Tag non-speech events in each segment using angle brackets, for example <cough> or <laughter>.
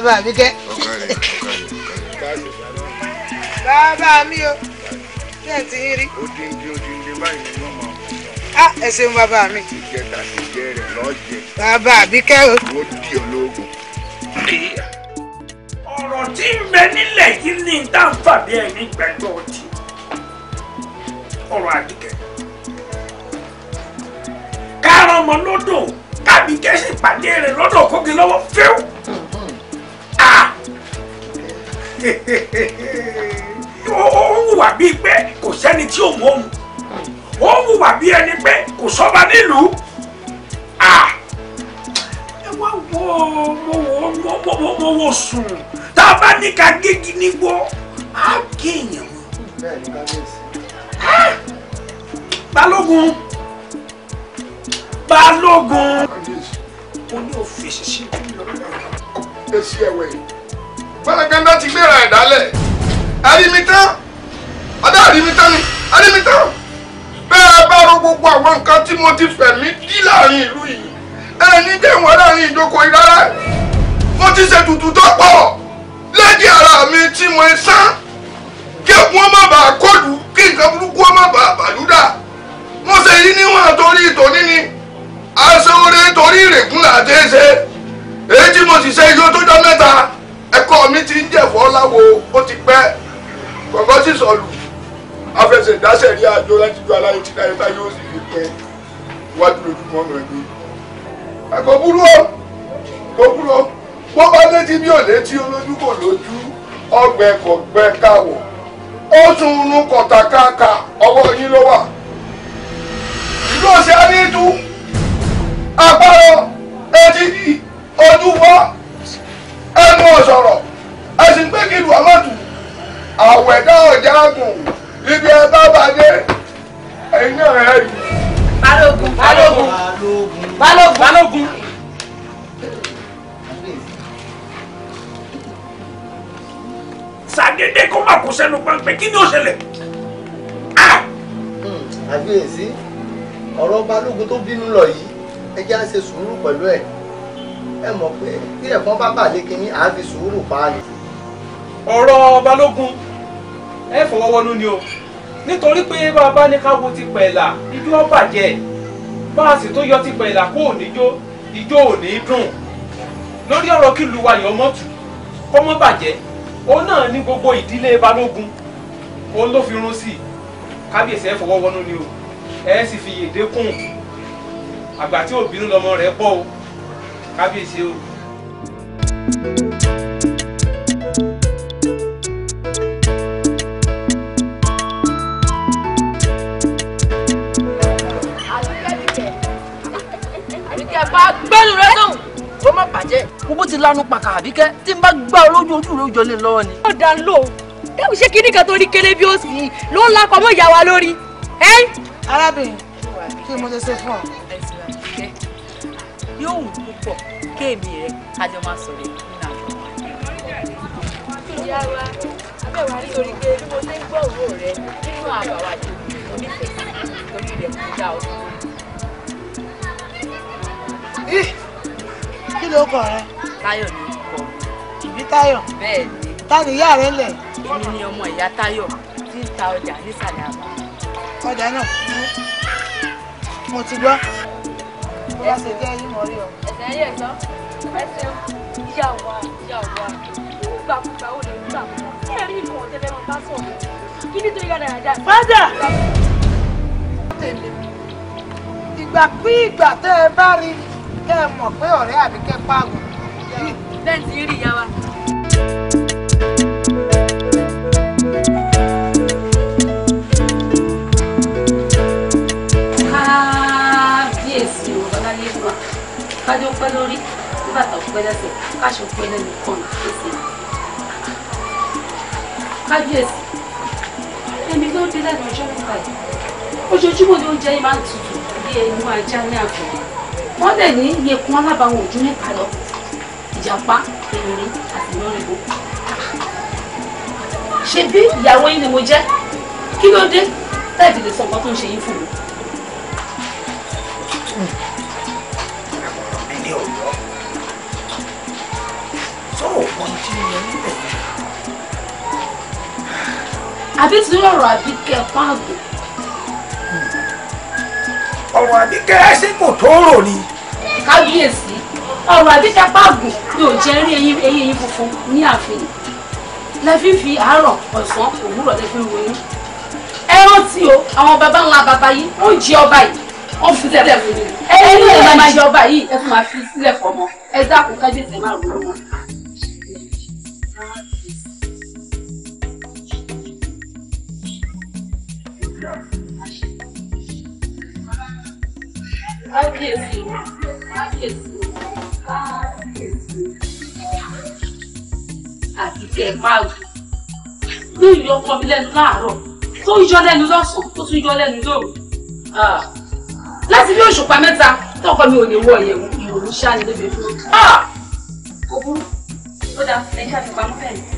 bàbá mi kẹ́. bàbá mi o kí ẹ ti ń rí. odindi odindi báyìí ni wọn máa ń. ẹ ṣeun bàbá mi. bàbá mi kẹ́ o. wọ́n di ológun. ọ̀rọ̀ tí ń bẹ nílẹ̀ yìí ni tá à ń fàbí ẹni gbẹ̀gbọ́ ti ọ̀rọ̀ àdìgẹ̀. kárọ̀mọ́ lọ́dọ̀ tàbí kẹ́sì pàdé rẹ̀ lọ́dọ̀ kókè lọ́wọ́ fíw ó wùwà bíi pé kò sẹ́ni tí ò mọ̀ ó wùwà bíi ẹni pé kò sọ́ba nílùú ẹ wá wo mo wo mo mo mo wo sùn tá a bá ní ká gégi nígbó á gé èèyàn mọ́ balógun balógun o, ní òfin ṣiṣẹ́ lọ́wọ́ ẹ ṣí ẹwẹ́ yìí. Fálágándá ti gbéra ẹ̀ dálẹ̀ àrímitán ọ̀dọ́ àrímitán ni àrímitán bẹ́ẹ̀ bá ro gbogbo àwọn nǹkan tí mo ti fẹ̀mí dí láàrin ìlú yìí ẹni jẹ́ wọn láàrin ìjókòó yìí rárá mo ti ṣe tutù tó pọ̀ lẹ́dí ara mi tí mo ń sán kí ẹkún ọmọ bá kọlù kí nǹkan burúkú ọmọ bá bàlúdà mo ṣe yí níwọ̀n torí tòní ni aṣọ oore torí ìrègùn làtẹ́ ṣe èyí tí mo sì ṣe yóò tó jọ mẹ́ta. ẹkọ mi ti ń jẹ̀fọ́ láwo ó ti pẹ gbọ̀ngàn sì sọ̀lù afẹsẹ̀dásẹ̀ rí àjọ láti ju aláyé tí náírà yóò sì fi pẹ́ iwájú lójúmọ́ ọ̀nà ẹ̀gbẹ́. ẹ̀kọ́ burú o kò o bó bá létí bí ò létí olójú kò lójú kò gbẹ ó tún káàkà ẹnu ọ̀sọ̀rọ̀ ẹ sì ń pé kí ìlú ọmọdù àwẹ̀dá ọ̀já gùn ibi ẹ bá bá dé ẹ̀yin náà ẹ̀ rí. balógun balógun balógun balógun. sàdédé kó má kó sẹ́nu pàǹpẹ́ kí ni ó ṣẹlẹ̀. Hmm, àgbẹ̀yèsí ọ̀rọ̀ balógun tó bínú lọ yìí ẹ jẹ́ àṣẹ sùúrù pẹ̀lú ẹ̀ ẹ mọ̀ pé tí ẹ̀fọn bá bàlẹ́ kínní àá fi sùúrù pa á ni. ọ̀rọ̀ balógun ẹ fọwọ́wọ́nú ni o nítorí pé bá a bá ní ká wo ti pẹ̀là ijó ọ bàjẹ́ bá a sì tó yọ ti pẹ̀là kó ò ní jó ijó ò ní dùn lórí ọ̀rọ̀ kí lu wayọ̀ mọ́tù kọ́mọ́ bàjẹ́ òun náà ní gbogbo ìdílé balógun òun ló fi run sí i kábíyèsí ẹ fọwọ́wọ́nú ni o ẹ sì fi yèdè kùn àgbà tí òbínú lọmọ rẹ̀ bọ́ o kábíyèsí o. àbíkẹ́ bá gbẹ́nu rẹ sóhùn ó má bàjẹ́. gbogbo ti lanu pàkà àbíkẹ́ tí n bá gbá olójú ojú rẹ jọ lè e lọ́wọ́ ni. ó dá lò ó dáhùn ṣé kíní kan tó rí kélé bí ó sì yìí ló ń lakọ mọ́ ìyá wa lórí. arábìnrin kí mo ṣe ṣe fún ọ tàbí òun tó pọ̀ kéèmí rẹ̀ kájọ máa sọ̀rọ̀ nínú àjọ wa. ìyá wa abẹ́wà nítorí pé bí mo ṣe ń gbọ́ òwò rẹ nínú àbàwà tó onífẹ̀ẹ́ torí rẹ̀ kò dá o. kí ló kọ rẹ. táyọ̀ ni kọ. ìbí táyọ̀. bẹ́ẹ̀ ni. táyọ̀ ìyá rẹ lẹ̀. èmi ni ọmọ ìyá táyọ̀ tí ń ta ọjà nísàlẹ̀ àbá. ọjà náà mo ti gbọ́ bá ṣe jẹ́ yín mọ́rí o. ẹ̀sẹ̀ yẹ̀ gbọ́ ẹsẹ̀ yà wá yà wá kúgbàkúgbà ó lè gbàgbọ́ kí ẹ̀rí nìkan ọ̀tẹ́ fẹ́ mọ bá sọ̀rọ̀ kí nítorí yàrá yàrá. fájà. ìgbà pí ìgbà tẹ́ ẹ bá rí kẹ́ ẹ mọ̀ pé ọ̀rẹ́ àbíkẹ́ pààrọ̀. bẹ́ẹ̀ ti rí ìyá wa. kájọ pẹ́ lórí nígbà tó pẹ́ lẹ́sẹ̀ káṣọ pẹ́ lẹ́nu kan lẹ́sẹ̀. kábíyèsí èmi ló dé lẹ́nu ọjọ́ nípa ẹ̀ ojoojúmọ́ ni oúnjẹ yìí máa ń tutù bí ẹnu ajá ní àgbọ̀ wọ́n dẹ̀ ní yẹkun alábàáwọn ojú mẹ́ta lọ ìjàpá erin àti lọ́rìnbó ṣebí ìyàwó yín ni mo jẹ́ kí ló dé tẹ́ẹ̀bì lè sọ nǹkan tó ń ṣe yín fún mi. àbí tí ọ̀rọ̀ àbíkẹ́ pààgò. ọ̀rọ̀ àbíkẹ́ ṣé kò tó rò ni. kábíyèsí ọ̀rọ̀ àbíkẹ́ pààgò mi ò jẹ́ rí eyín eyín funfun ní ààfin lẹ fi fi àárọ̀ ọ̀sán òwúrọ̀ lẹ fi ronú ẹ rántí o àwọn baba ńlá baba yìí wọ́n jẹ ọba yìí wọ́n fi sílẹ̀ fún mi ẹ ní ìlànà ìjọba yìí ẹ fún ma fi sílẹ̀ fọmọ ẹ dákun kábíyèsí Kábíyèsí, kábíyèsí, kábíyèsí. Àti kẹ̀ máa wù. Bí ìyọ ọkọ mi lẹ́nu láàárọ̀, tó ń yọ lẹ́nu lọ́sàn-án, tó tún yọ lẹ́nu lóru. Láti bí òṣùpá mẹ́ta, tọkọ mi ò lè wọ ìyẹ̀wò ìrònú ṣáà ní débi fún mi. Kò burú, ó dáa, ẹ ṣàfihàn pamọ́ bẹ́ẹ̀ ni.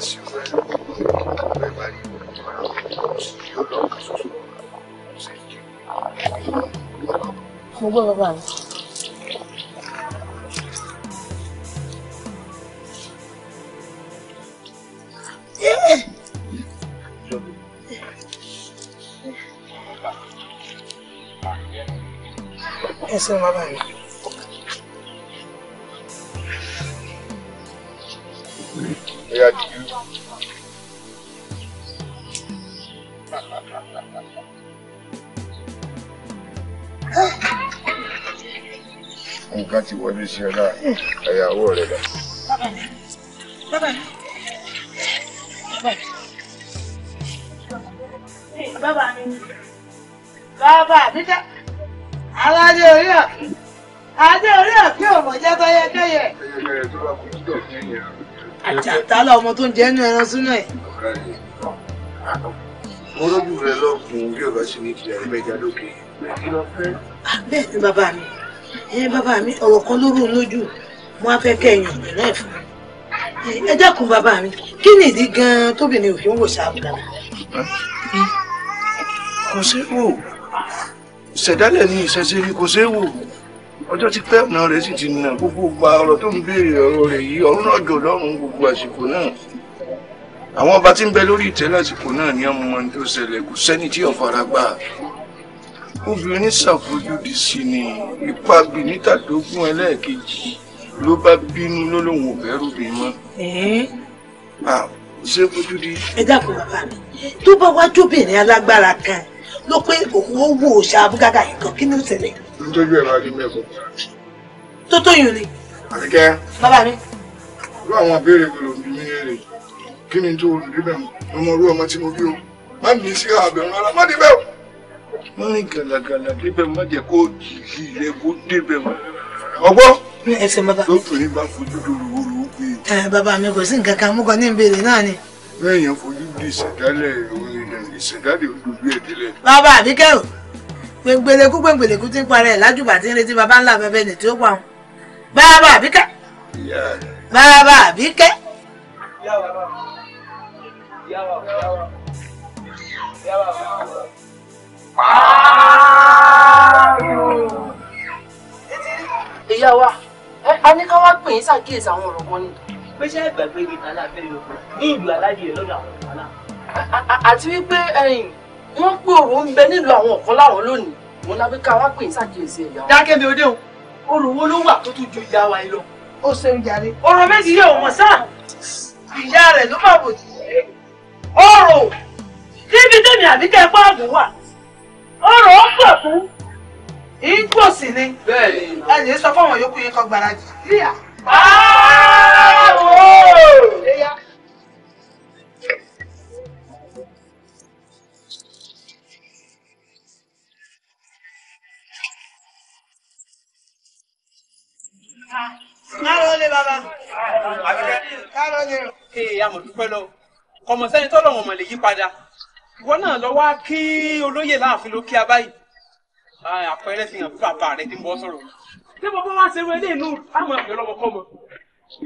àsìkò ẹ̀ ọ̀pọ̀ ìgbà ni mo sì yí ọlọ́ọ̀kan ṣoṣo ṣe jí mo es bàbá mi. Oya di. mi ṣe náà ẹ̀yàwó rẹ̀ dà. bàbá mi bàbá mi bàbá mi orí àfi adé orí àfi ọmọ jẹ tọyẹ kẹyẹ. àjàtà lọmọ tó ń jẹ ẹnu ẹran sínú ẹ. mo lójú rẹ lọkùnrin bí ọba ṣe ní ìjìyà ẹgbẹjà lókè ah, bẹ́ẹ̀ ni bàbá mi ẹ bàbá mi ọ̀rọ̀ kan ló rú lójú mo á fẹ́ kẹ́yìn ọ̀nà náà fún mi ẹ dákun bàbá mi kí nìdí gan-an tóbìnrin òfin wò sáàbùdà. kò sí wò ṣẹ̀dálẹ̀ ní ìṣẹ̀ṣe ni kò sí wò ọjọ́ tí pẹ́ náà rẹ̀ sì ti nà gbogbo gba ọ̀rọ̀ tó ń béèrè ọ̀rọ̀ rẹ̀ yìí ọ̀run náà jò lọ́rùn gbogbo àsìkò náà àwọn ọba tí ń bẹ lórí ìtẹ́ lásìkò náà ni ọmọ wọn tó ṣẹlẹ̀ kò sẹ́ni tí ọ̀fara gbà obìnrin ṣàfojúdi sí ni ipa gbìnítàdógún ẹlẹ́ẹ̀kejì ló bá bínú ló lóun ò bẹ̀rù bí mọ́. ṣé fojúdi. ẹ dákun bàbá mi tó bá wá jóbìnrin alágbára kan ló pé òun ó wò ó ṣe abúgágà yìí kan kí ni ó ṣẹlẹ̀. nítorí ẹ̀rọ adúmẹ̀kọ. tó tó yùn ni. àríkẹ́. bàbá mi. irú àwọn abéèrè wo ló ń bí mi léèrè kí ni tó olùdíbẹ̀ mọ́ ọmọ orú ọmọ tí mo bí o má ní sí àbẹ̀rún rárá má dé bẹ́ẹ̀ o mọ́rin gàlàgàlà débẹ̀ má jẹ́ kó jìjì rẹ kó débẹ̀ mọ́. ọgbọ́ lóbìnrin bá fojú lóru oru ó gbé. ẹ bàbá mi kò sí nǹkan kan mú kọ ní ìbéèrè náà ni. lẹ́yìn fojú di ìṣẹ̀dálẹ̀ ìṣẹ̀dálẹ̀ olóbi ẹ̀dẹ́lẹ̀. bàbá àbíkẹ́ o gbẹ̀ngbẹ̀lẹ̀kú gbẹ̀ngbẹ̀lẹ̀kú ti ń parẹ́ lájúbà tí ń retí bàbá ńlá bẹ́bẹ́ nì tí ó pa wọn. bàbá àbíkẹ́. bàbá àbíkẹ́. yàwá yàwá yàwá yàwá ìyá a ní ká pé wọ́n pé òru ń bẹ nílùú àwọn ọ̀kan láwọn lónìí mo lábẹ́ ká wá pè yín ṣàkíyèsí ẹ̀yà wa. mi ò déhùn olùwó ló wà tó tún ju ìyá wa lọ. ó ṣe ń yarí. ọ̀rọ̀ méjì yóò wọ̀n sáà ìyá rẹ̀ ló máa bòjì. ọ̀rọ̀ níbi tèmi àbíkẹ́ pààbò wà ọ̀rọ̀ ń bọ̀ fún ìgbò sì ni ẹ lè sọ fún àwọn yòókù yín kan gbáradì. Kárọ̀lé bàbá. Kárọ̀lé. Kárọ̀lé. Kí ìyá mọ̀ dúpẹ́ lọ. Kọ̀mọ̀sẹ́ni tọ́lọ̀ wọn mọ̀ lè yí padà ìwọ náà lọ wá kí olóyè láàfin ló kí a báyìí àpẹẹrẹ fi hàn fún bàbá rẹ tí ń bọ̀ sọ̀rọ̀ yìí tí bàbá wa ṣe wẹlé inú àmọ́ àpè lọmọkọmọ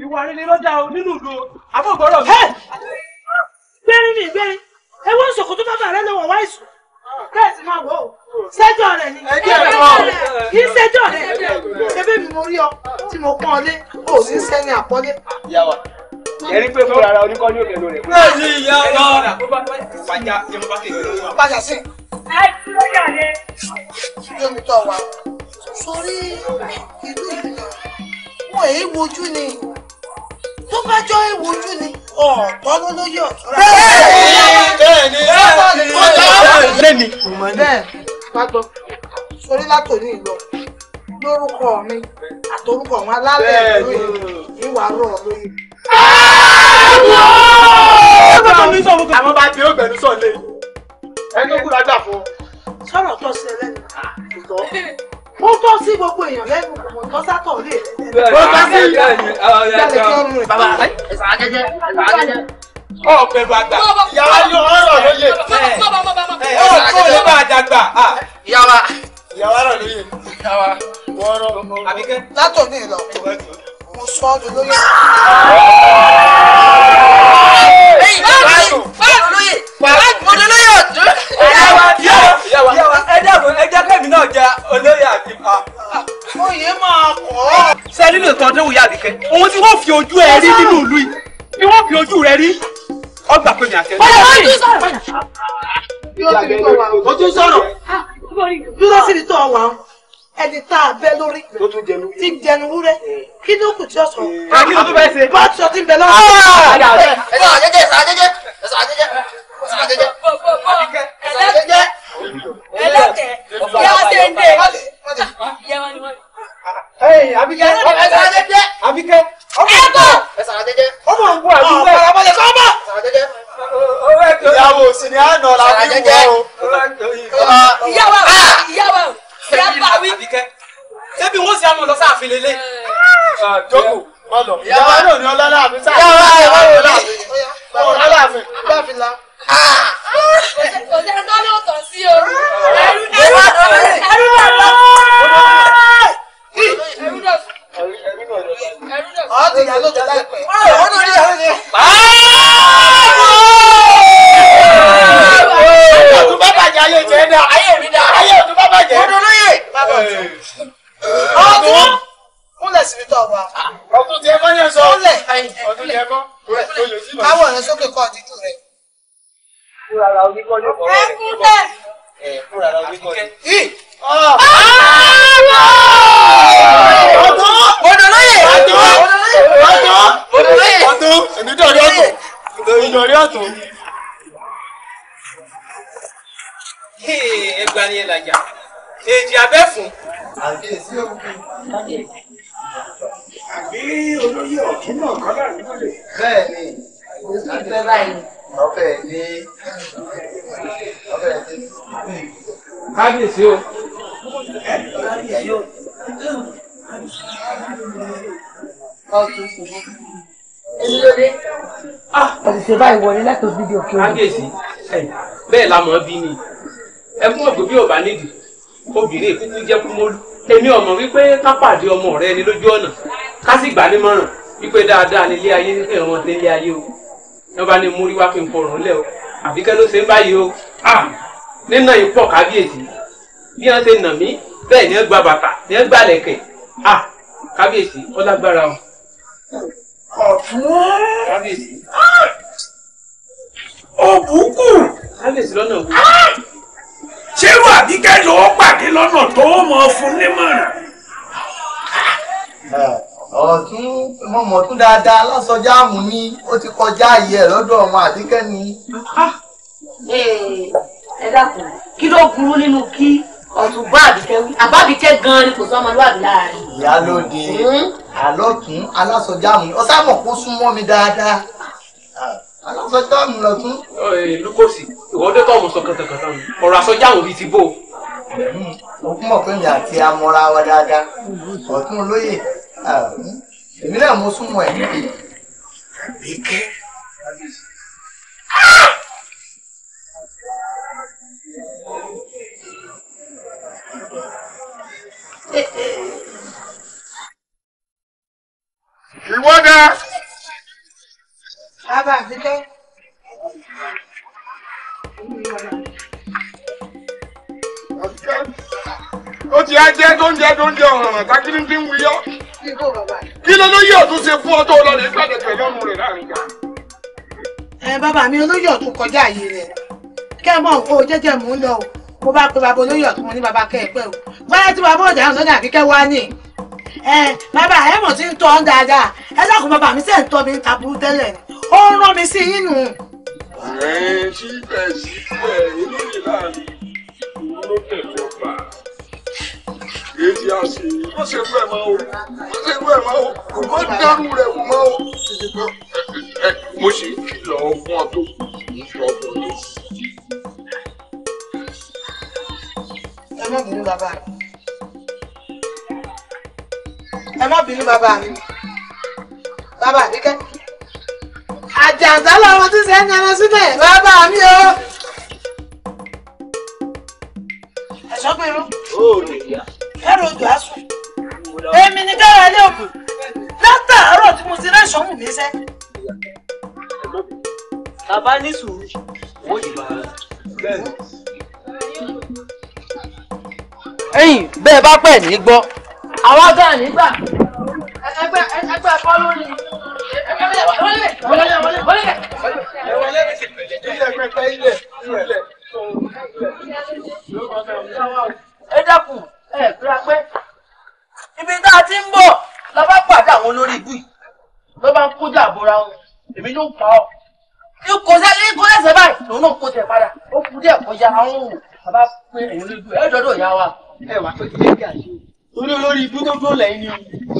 ìwà rere lọdà o nínú ìlú àbọgbọrọ mi. gbẹrin ni gbẹrin ẹ wọ́n sọ̀kòtò bàbá rẹ lọ́wọ́ wá ìsùn kẹ́ẹ̀sì máa wò ó sẹ́jọ́ rẹ ni kí sẹ́jọ́ rẹ ṣebí mi mo rí ọ tí mo pọ́n ọ lé o sì ń sẹ́ni àpọ́nlé ẹni pé fún ara oníkọ́ ní òkè lórí. bẹ́ẹ̀ ni ìyá wa. pàjá ṣe mo bá tẹ̀ lọ. pàjá sí. ẹ ti ló yà lé. yomi tó wa sórí ìlú ìlú wọn èyí wojú ni tó bá jọ ìwojú ni ọ̀tọ́ ló lóye ọ̀tọ́ rà. bẹ́ẹ̀ ni bẹ́ẹ̀ ni bẹ́ẹ̀ ni bẹ́ẹ̀ ni sórí látòní lọ lórúkọ mi àtòrúkọ wọn alálẹ̀ lóye ìwà rọ̀ lóye àwọn bá ti ọgbẹ̀nu sọ lé ẹni tó kú lágbà fún ọ. sọ̀rọ̀ tó ṣe lẹ́nu mo tọ́ sí gbogbo èèyàn lẹ́nu mo tọ́ sátọ̀ lé rẹ̀. mo tọ́ sí ìyáàlẹ̀ tó ń rìn. bàbá ẹ̀sà akẹ́jẹ́ ẹ̀sà akẹ́jẹ́. ọ̀pẹ̀ bàgbà ìyàwó yóò ọ̀rọ̀ lóye ọ̀pẹ̀ yóò bá dàgbà. ìyàwó ìyàwó ọ̀rọ̀ lóye. ìyàwó ọ̀rọ̀ àbíkẹ́ látọ̀ ní ìlọ mo sọ ọ́ lóyè. ẹyin báàgì báàgì lóyè báàgì olóyè ọ̀dọ́. ẹ dẹ́kun ẹ jẹ́ kẹ́mi náà jẹ olóyè àgbà. oyè máa kọ́. ṣé nílò ìtàn ọdún wòye àbíkẹ́ òun tí wọ́n fi ojú ẹ rí nínú ìlú yìí bí wọ́n fi ojú rẹ rí ọgbà pé mi àtẹ. ọ̀rọ̀ ọ̀rọ̀ yìí sọ̀rọ̀. dúró sí ni tó wà. dúró sí ni tó wà ẹni tá a bẹ lórí ti jẹnu wúrẹ́ kí ló kù tí ó sọ. Eh, kí ló tún bẹ ṣe. bá a sọ ti bẹ lọ́wọ́. Ah! ẹ sọ àjẹjẹ ẹ sọ àjẹjẹ ẹ sọ àjẹjẹ ẹ sọ àjẹjẹ ẹ sọ àjẹjẹ. ẹlẹ́kẹ̀ yẹ́wọ́ ṣe ń dé yẹ́wọ́ ni wọ́n. Ẹyìn Abíkẹ́ ẹ sọ àjẹjẹ. Abíkẹ́ ọmọ ń bọ̀ ẹ sọ àjẹjẹ. ọmọ ń bọ̀ Abíkẹ́. ọmọ ìfarabalẹ̀ sọ ọmọ. ẹ sọ àjẹjẹ. ìyàwó sì ni àná la bí wọ́n o. ìyàwó ìyàwó ṣé bá wí ṣébi wọn sì á mọ lọ sáàfin lélẹ̀. Ah, jókòó má lọ ìyá wa náà ni ọlá láàfin sáà ìyá wa náà ni ọlá láàfin ọlá láàfin láàfin la. Ah. èjì abẹ́ fún. àbí olóyè ọ̀tún náà kọ́ láti wọlé. bẹ́ẹ̀ni ìfẹ́ báyìí ọbẹ̀ ní ọbẹ̀ ní. kábíyèsí o. kábíyèsí o. ọtún ṣubú. èmi ló dé. òṣìṣẹ́ ah! báyìí wọlé látò fídíò kí o. kábíyèsí bẹ́ẹ̀ la mọ̀ ọ́ bí ni ẹ fún ọ̀gbìn bí ò bá nídìí obìnrin kúkú jẹ́ kú mọ́lú èmi ọmọ wípé ká pàdé ọmọ rẹ ni lójú ọ̀nà ká sì gbà ní mọ̀ràn wípé dáadáa nílé ayé nípé ọmọ tí nílé ayé o wọn bá ní mú rí wá kí n fọrùn lẹ o àbíkẹ́ ló ṣe ń báyìí o nínà ìpọ̀ kábíyèsí bí wọ́n ṣe nà mí bẹ́ẹ̀ ni wọ́n gba bàtà ni wọ́n gba lẹ̀kẹ̀ kábíyèsí ó lágbára o. ọ̀tún kábíyèsí. òbúkù. kábíyèsí lọ́nà òbúkù ṣerú àbíkẹ́ ló pàdé lọ́nà tó mọ̀ fún nímọ̀ràn. ọ̀tún mọ̀mọ́tún dáadáa lásọjá ni ó ti kọjá ayé ẹ̀ lọ́dọ̀ ọmọ àbíkẹ́ ni. ẹ dákun kí ló burú nínú kí ọ̀tún bá àbíkẹ́ wí àbábíkẹ́ gan-an ni kò sọ ọmọlúwàbí láàrin. ìyá ló dé hmm? àlọ́tún alásọjá àmú ni ọ̀sán mọ̀ kó súnmọ́ mi dáadáa alásọjáàmù lọ́tún. lukosi ìwọ́dé tọ́ọ̀mù sọ kàtàkàtà mi ọ̀rọ̀ àsọjáàmù bíi ti bò. òkun hmm, mọ̀ pé mi àti amọ̀ra wa dáadáa ọ̀tún olóyè hmm, èmi náà mo súnmọ́ ẹ̀. àbíkẹ́ ìwọ́dà. Bàbá ti á jẹ́ tó ń jẹ́ tó ń jẹ ọ̀ràn ká kí ni ti ń wuyọ́. Kí ló lóye ọ̀tún ṣe fún ọ lọ lè gbàdé pẹ̀lú ọmọ rẹ̀ láàrin ìjà? Ẹ bàbá mi olóyè ọ̀tún kọjá àyè rẹ̀. Kẹ́ ẹ mọ̀ nǹkan jẹ́jẹ́ mò ń lọ o. Mo bá pe bàbá olóyè ọ̀tún mo ní bàbá kẹ́ ẹ pẹ́ o. Bọ́lá tí bàbá òdà ń sọ́dà àbíkẹ́ wá ní ẹ bàbá ẹ mọ̀ tí ń tọ́ dáadáa ẹ dákun bàbá mi sẹ́ ń tọ́ mi ń ta tẹ́lẹ̀ ó ń rán mi sí inú. ẹ síbẹ̀ síbẹ̀ olóyè láàrin òun ló tẹ̀lé ọba èyí á sì yí ó ṣe fẹ́ máa o ó ṣe fẹ́ máa o kò má dárú rẹ̀ kò má o. mo sì ń kìlọ̀ fún tó kù kì í sọ ẹ má bínú bàbá mi ẹ má bínú bàbá mi bàbá mi àjàǹdà lọ́wọ́ tí sẹ́ ń nana síbẹ̀ bàbá mi o. ẹ̀ṣọ́ gbèrú. ẹ̀rọ odò á sùn. èmi ni kára ilé òkú látàárọ̀ tí mo ti rẹ́ṣọ̀ mù mí sẹ́. bàbá ní sùúrù wọ́n yìí bá bẹ́ẹ̀. ẹ̀yin bẹ́ẹ̀ bá pẹ̀ ní gbọ́ àwa gan nígbà ẹgbẹ́ ẹgbẹ́ bọ́ lórí ẹ dákun ẹ ìyá wa ẹ̀ wá pé kí ẹ kí àṣẹ olórí ibú tó dúró lẹ́yìn ni o.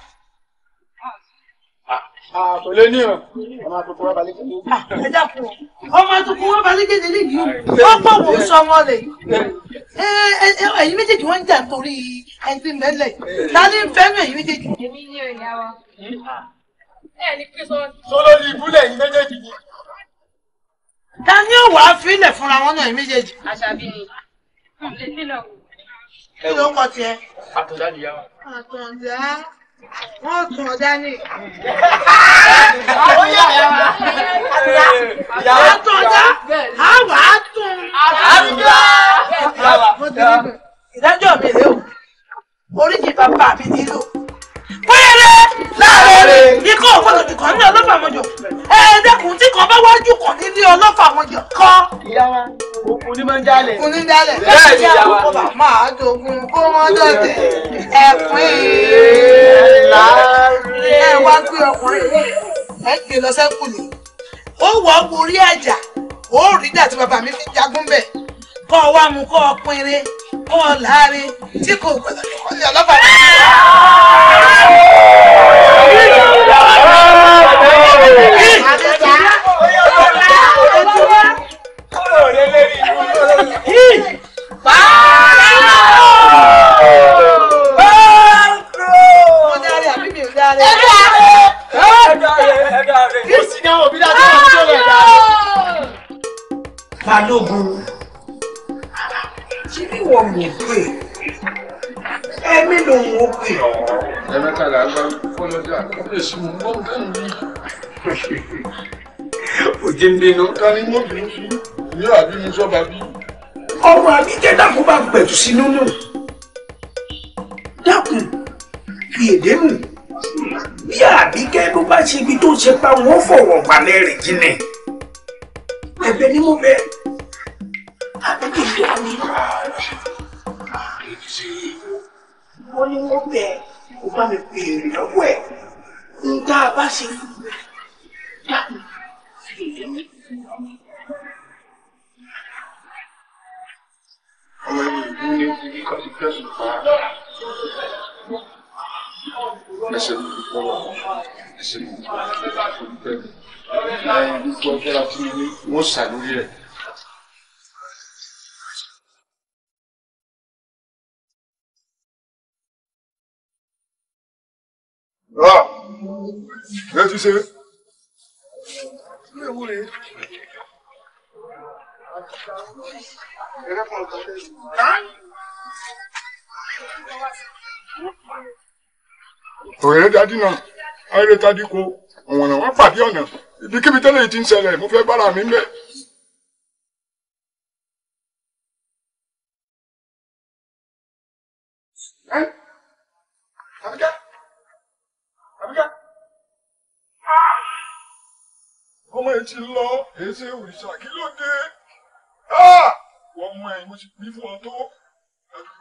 àpèlé ah, ní ọ ọmọ àtúkù wọn balẹ̀ kéde. Ah, ẹ dákun ọmọ àtúkù wọn balẹ̀ kéde léyìí wọn pọ̀ wò sọ wọn lè ẹ̀yin méjèèjì wọ́n ń jà torí ẹni mẹ́lẹ̀ ta ni fẹ́nu ẹ̀yin méjèèjì. èmi ni ò yá wa. sọlọ ni ìbúlẹ̀ ẹ̀yin méjèèjì ni. ta ni ó wàá fílẹ̀ fúnra wọn náà ẹ̀yin méjèèjì. àṣàbí ni kí ló ń kọ tiẹ̀. àtọ̀dá ni yá wa. àtọ̀dá wọ́n sùn ọjà ní. àwọn yà yà wá. àwọn tún ọjà àwọn àtún. àbíjá. ìdájọ́ mi rèé o oríṣi bàbá mi nílò láàrin ikọ̀ ògbọ́dọ̀ kìkan ní ọlọ́fà mọ́jọ ẹ̀ẹ́dẹ́kùn tí kan bá wájú kan nílé ọlọ́fà mọ́jọ kọ́. ìyá wa òkun ní máa ń jálẹ̀. òkun ní jálẹ̀ bẹ́ẹ̀ ni ìyá wa máa jogun kó wọ́n dọ̀tẹ̀ ẹ̀pín ìlàrí. ẹ wá gbé ọkùnrin ẹ gbé lọ sẹ́kùlì ó wọ́ orí ẹ̀jà ó rí dàtí bàbá mi fi jagun bẹ̀ kọ́ ọ wá mu kọ́ ọ pinrin bọ́ láre tí kò gbọdọ̀ ní kọ́lé ọlọ́pàá. Balógun ṣé bí wọ́n mú pè ẹ ń wó pè ọ́. ẹ mẹ́ta là ń gbọ́ fọlọ́jà ó lè sùn mọ́ bẹ́ẹ̀ òjì ń bínú. ká ní wọ́n bí mi àbí mi sọ́ba bí. ọmọ àbíjẹ́ dàpọ̀ bá gbẹ̀tù sínú nù dákun fi èdè nù bí àbíkẹ́ ló bá ṣe ibi tó ṣe pa wọ́n fọ̀wọ̀ gbà lẹ́rìn jìnnà ẹ̀bẹ̀ ni mo bẹ́ẹ̀ àbẹ̀bẹ̀bẹ̀ wọ́n ní wọ́n bẹ̀ kó bá mi béèrè lọ́wọ́ ẹ̀ ń tá a bá ṣe fún mi dákun fèrè mi. ọmọ ìlú ní kíkọ́ ti fẹ́sùn pa ẹsẹ̀ lórúkọ wà ẹsẹ̀ lórúkọ wà fún bẹ́ẹ̀ ni. ẹ ẹ gbọ́dọ̀ tí wọ́n ṣàlórí Ah, ẹ ti ṣe. òrèrè dadi náà ayẹyẹ tadi ko ọ̀wọ̀nà wọn pàdé ọ̀nà ibikíbi tẹ́lẹ̀ yìí ti ń ṣẹlẹ̀ mo fẹ́ bára mi mẹ́. ẹ ọmọ ẹ ti lọ èsì òrìṣà kí ló dé wọ́n mú ẹyin mo ti bí fún ọ tó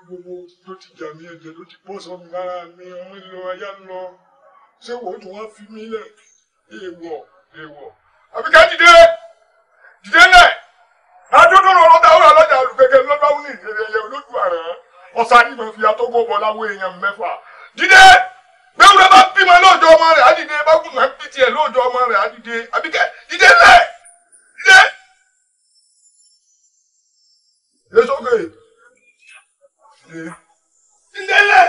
gbogbo ló ti jà mí ẹ̀jẹ̀ ló ti bọ́ sọmi lára mi ọmọ ìlọ ayá lọ ṣé wo tún wá fi mí lẹ̀ èèwọ̀ èèwọ̀ àbíká dìde dìde lẹ̀ adódòrò ọlọ́dà ó yà lọ́jà olùkẹ́kẹ́ lọ́dà ó ní ìrẹ̀lẹ̀ olódùmarè ọ̀sán ni mo bọ́ láwọ èèyàn mẹ́fà dìde bímọ lóòjọ́ ọmọ rẹ̀ àdìde bákùnà bí tiẹ̀ lóòjọ́ ọmọ rẹ̀ àdìde àbíkẹ́ ìdè lẹ̀ ìdè. yéṣọ́kè ìdè ìdè lẹ̀.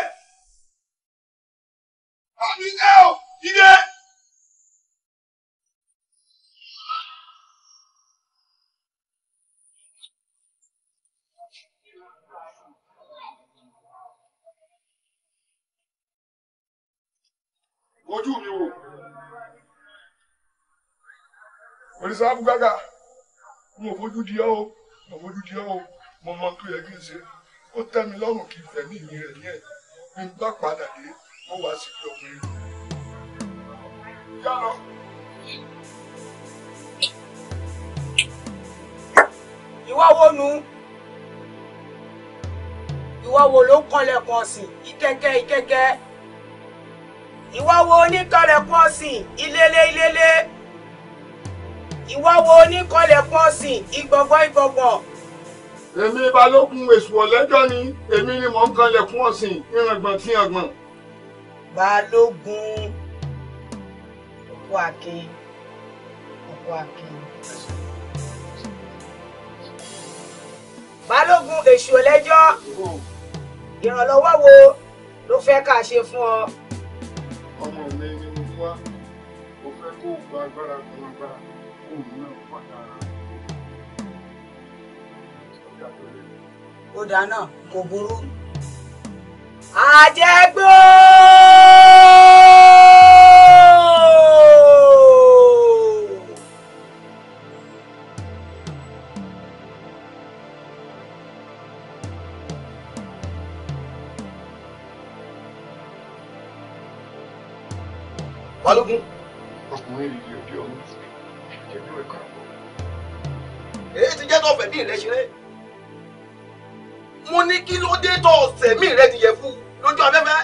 òrìṣà abúgágà n ò fojú di ọ́ o n ò fojú di ọ́ o mo mọ tó yẹ kí n ṣe ó tẹ́ mi lọ́rùn kí n fẹ̀mí mi rẹ̀ ní ẹ̀ bí n bá padà dé ó wá sí ibi ọkùnrin. ìwà wo nu ìwà wo ló ń kọlẹ̀kùn ọ̀sìn ìkẹ́kẹ́ ìkẹ́kẹ́ ìwà wo oníkọlẹ̀kùn ọ̀sìn ilélé ilélé ìwọ wo oníkọlẹ̀ pọ́sìn ìgbọ̀gbọ́ ìgbọ̀gbọ̀. èmi balógun èṣù ọ̀lẹ́jọ́ ni èmi ni mò ń kanlẹ̀ fún ọ̀sìn ìràngbọ̀n tí àgbọ̀n. balógun ọkọ àkè ọkọ àkè. balógun èṣù ọ̀lẹ́jọ́ ìrànlọ́wọ́ wo ló fẹ́ ká ṣe fún ọ. ọmọ mi ni mo wá mo fẹ́ kó o gba agbára kan agbára ó dáná kò burú. àjẹgbó. sẹ̀mí rẹ ti yẹ fún lójú afẹ́fẹ́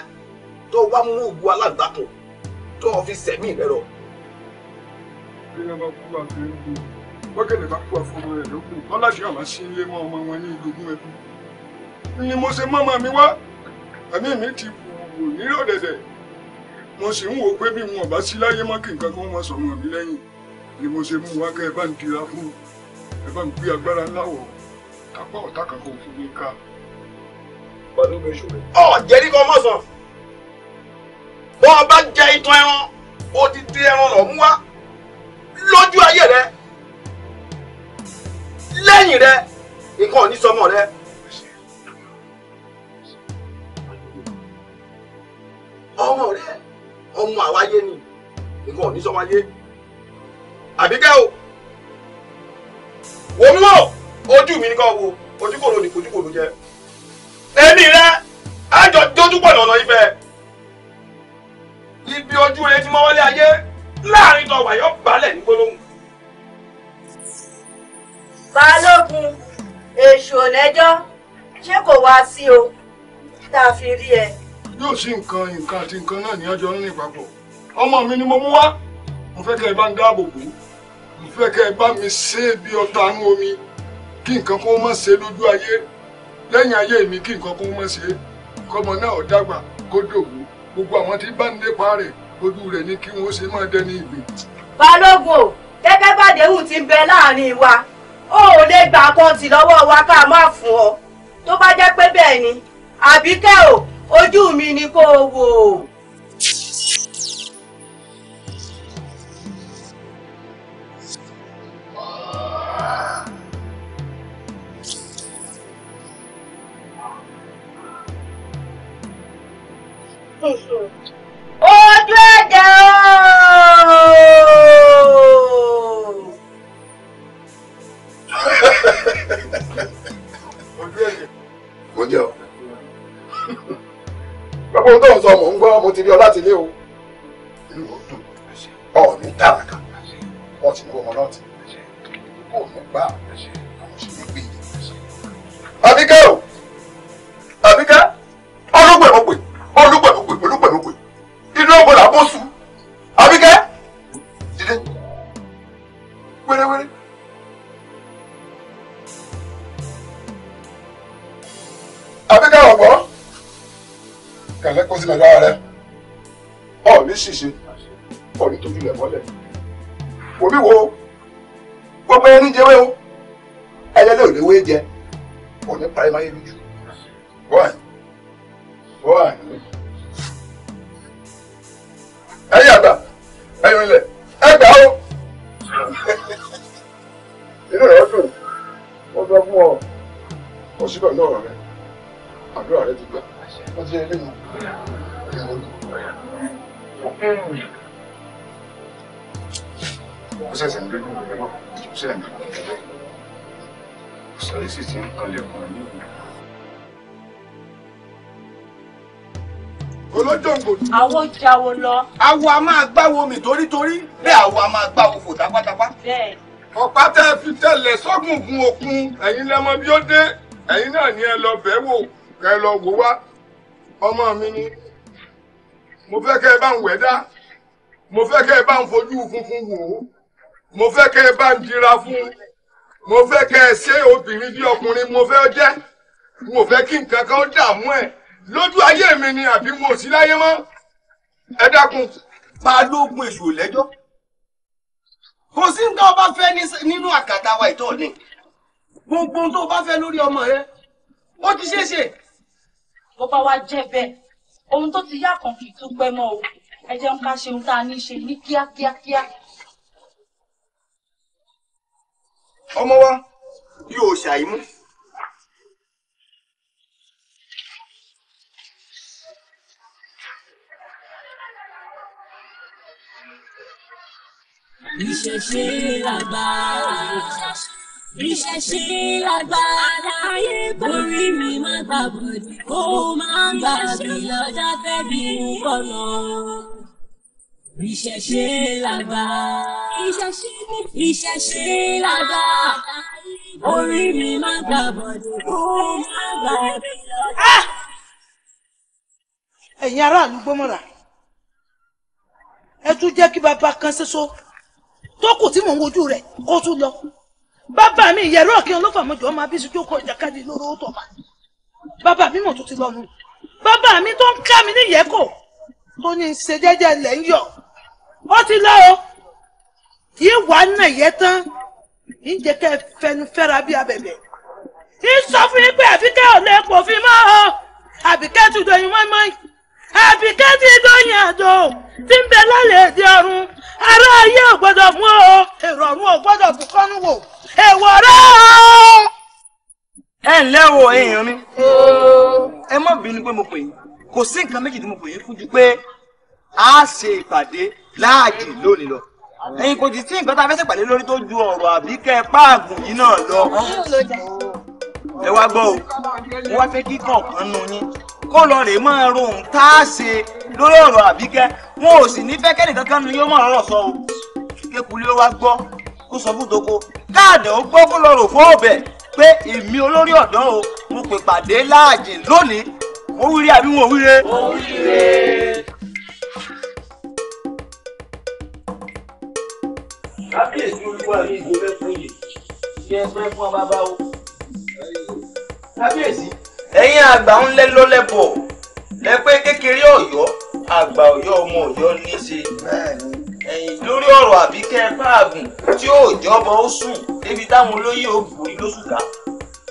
tó wá mú ògùn aláǹtakùn tó fi sẹ̀mí rẹ rọ. bíyẹn bá kú àfihàn kú gbọ́kẹ̀lẹ̀ bá kú àfọmọ rẹ̀ lókun lọ́láṣẹ́ àmà sí ilé mọ́ ọmọ wọn ní ìgbógun ẹbí. ni mo ṣe mọ́mọ́ mi wá ẹ̀mí mi ti wò ní ọ̀dẹ̀dẹ̀ mo sì ń wò pé bí wọn bá sí láyé mọ́ kí nǹkan kan wọn sọ̀rọ̀ mi lẹ́yìn ni mo ṣe mú wá kẹ́ ẹ bá ń tira fún ẹ bá ń gbé agbára ńláwọ̀ kápá ọ̀tá kankan fún mi ká ọ̀pọ̀ nínú ìṣòro. ọ jẹ́rí kan mọ̀sán bọ́ ọ bá jẹ itan ẹran ó ti di ẹran lọ mú wá lójú ayé rẹ lẹ́yìn rẹ nǹkan ò ní sọmọ rẹ. ọmọ rẹ ọmọ àwáyé ni nǹkan ò ní sọmọ ayé àbíkẹ́ o wò mí wò ojú mi ní kọ́ wo ojú kò lónìí ojú kò ló jẹ́. èmi rẹ àjọ dójú pọ̀ lọ́nà ibẹ̀ ibi ojú rẹ ti mọ́wọ́lé ayé láàrin tó wà yóò balẹ̀ ní gbólóhùn. balógun èṣù òlẹ́jọ́ ṣé kò wá sí o tá a fi rí ẹ. yóò sí nǹkan nǹkan àti nǹkan náà ní ọjọ́ nínú ìpapọ̀ ọmọ mi ni mo mú wá mo fẹ́ kẹ́ ẹ bá ń dáàbò bò mo fẹ́ kẹ́ ẹ bá mi ṣe é bí ọta inú omi kí nǹkan kan má ṣe lójú ayé. lẹ́yìn ayé mi kí nǹkan kún mọ́ sí é kọ́mọ náà ó dàgbà kó dòwú gbogbo àwọn tí bá ń lépa rẹ̀ ojú rẹ̀ ni kí wọ́n ṣe máa dẹni ìgbè. balógun gẹ́gẹ́ bàdéhùn ti bẹ láàrin wa ó ò lè gbà kan tì lọ́wọ́ wa ká má fún ọ tó bá jẹ́ pé bẹ́ẹ̀ ni àbíkẹ́ o ojú mi ni kó o wò ó. ojú ẹ̀jẹ̀ ooo. mo jẹ́ o gbogbo ohun tó ń sọ mò ń gbọ́ mo ti rí ọ láti ilé o inú mi ò dùn ọ̀ ní tààràkà wọ́n ti lu ọmọ náà ti kò ní gbà àwọn ṣe gbé àbíkẹ́ o àbíkẹ́. fẹ́ kó sílẹ̀ lára rẹ ọ̀ ní ṣìṣe ọ̀ ní tójú lẹ̀ mọ́lẹ̀ òbí wo gbogbo ẹni jẹ́wé o ẹlẹ́lẹ́ ò léwé jẹ ọ̀ ní parí máyé lójú wọ́n wọ́n ẹ̀yìn àgbà ẹ̀yìn ilẹ̀ ẹ̀gbà o <laughs> inú rẹ̀ dùn ó sọ fún ọ ó sì lọ náà. àwo jáwo lọ. àwo a máa gbáwo mi torítorí bẹ́ẹ̀ àwo a máa gbáwo fò tápátápá. ọ̀pá tẹ́ ẹ fi tẹ̀lẹ̀ sọ́gùngùn òkun ẹ̀yin lẹ́mọ bí ó dé ẹ̀yin náà ni ẹ lọ bẹ́ẹ̀ wò kẹ́ lọ wò wá ọmọ mi ni mo fẹ́ kẹ́ ẹ bá ń wẹ̀ dá mo fẹ́ kẹ́ ẹ bá ń fojú funfun wò ó mo fẹ́ kẹ́ ẹ bá ń dira fún un mo fẹ́ kẹ́ ẹ ṣe obìnrin bí ọkùnrin mo fẹ́ jẹ́ mo fẹ́ kí nǹkan kan dààmú ẹ̀ lójú ayé mi ni àbí mo sí láyé mọ́ ẹ dákun máa lóògùn èṣù lẹ́jọ́ kò sí nǹkan ọba fẹ́ nínú àkàtà wa ìtọ́ ni gbogbo tó bá fẹ́ lórí ọmọ rẹ ó ti ṣeé ṣe. bó bá wá jẹ́ bẹ́ẹ̀ ohun tó ti yá kan kì í tún pẹ́ mọ́ o ẹ jẹ́ ń ká ṣe ohun tá a ní ṣe ní kíákíákíá. ọmọ wa yóò ṣàìmú. ìṣẹ̀ṣe lágbára ìṣẹ̀ṣe lágbára ayé borí mi má gbà bòdì kó máa ń gbà bí lọ́jà fẹ́ bí kọ́nà. Ìṣẹ̀ṣe lágbára ìṣẹ̀ṣe lágbára orí mi má gbà bòdì kó máa gbà bí lọ́jà. Ah! Ẹ̀yin aráàlú gbọ́mọ̀rà ẹ tún jẹ́ kí bàbá kan ṣoṣo tó kù tí mò ń wojú rẹ̀ kó tún lọ bàbá mi ìyẹ̀rọ ọ̀kẹ́yàn ló fàmọ́jọ́ máa bí sojú kọ ìjàkadì lóró ó tọ̀ ma bàbá mi mọ̀ tó ti lọ́nu bàbá mi tó ń ká mi níyẹ̀kọ̀ tó ní ṣe jẹ́jẹ́ lẹ̀ ń yọ̀ ó ti lọ o yí wàá nà yẹ tán ń jẹ́ kẹ́ fẹnu fẹ́ra bí abẹ̀bẹ̀ ń sọ fún yín pé àfi kẹ́ ò lè pò fi mọ́ ọ àbíkẹ́ tùdọ̀ yín mọ́ímọ́í àbíkẹ́ ti gbóyin àjò tí ń bẹ lálẹ́ èdè ọ̀run ará ayé ò gbọ́dọ̀ mú o èrò ọ̀run ò gbọ́dọ̀ bù kọ́nú wò èèwọ̀ rẹ̀ o. ẹ ǹlẹ́ o èèyàn mi ẹ má bínú pé mo pè yín kò sí nǹkan méjì tí mo pè yín fún ju pé a ṣe ìpàdé láàjì lónìí lọ ẹ̀yin kò sì sí nǹkan tá a fẹ́ ṣèpàdé lórí tó ju ọ̀rọ̀ àbíkẹ́ páàgùn yìí náà lọ ẹ wá gbọ́ o mo wá fẹ́ kí kọ̀ọ̀kan nu yín kó lọ rè máa rohùn tá a ṣe lórí ọ̀rọ̀ àbíkẹ́ wọn ò sì ní fẹ́ kẹ́nì kankan nu yóò mọ̀ ọ̀rọ̀ sọ o kékulé ó wá kó sọ fúndoko káàdì ó gbọ́ kó lọ rò fún ọ̀bẹ pé èmi olórí ọ̀dọ́ o mo pè pàdé láàjì lónìí mo wíire àbí mo wíire. kábíyèsí olúwa mi ìgò fẹ́ yìí ṣé ẹ fún ọba báwo kábíyèsí ẹ̀yin àgbà ń lẹ́ lọ́lẹ́bọ̀ lẹ́pẹ́ kékeré ọ̀yọ́ àgbà ọ̀yọ́ ọmọ ọ̀yọ́ ní í ṣe ẹ̀yìn lórí ọ̀rọ̀ àbíkẹ́ páàgùn tí yóò jọbọ ó sùn débi táwọn olóyè ò borí lóṣùká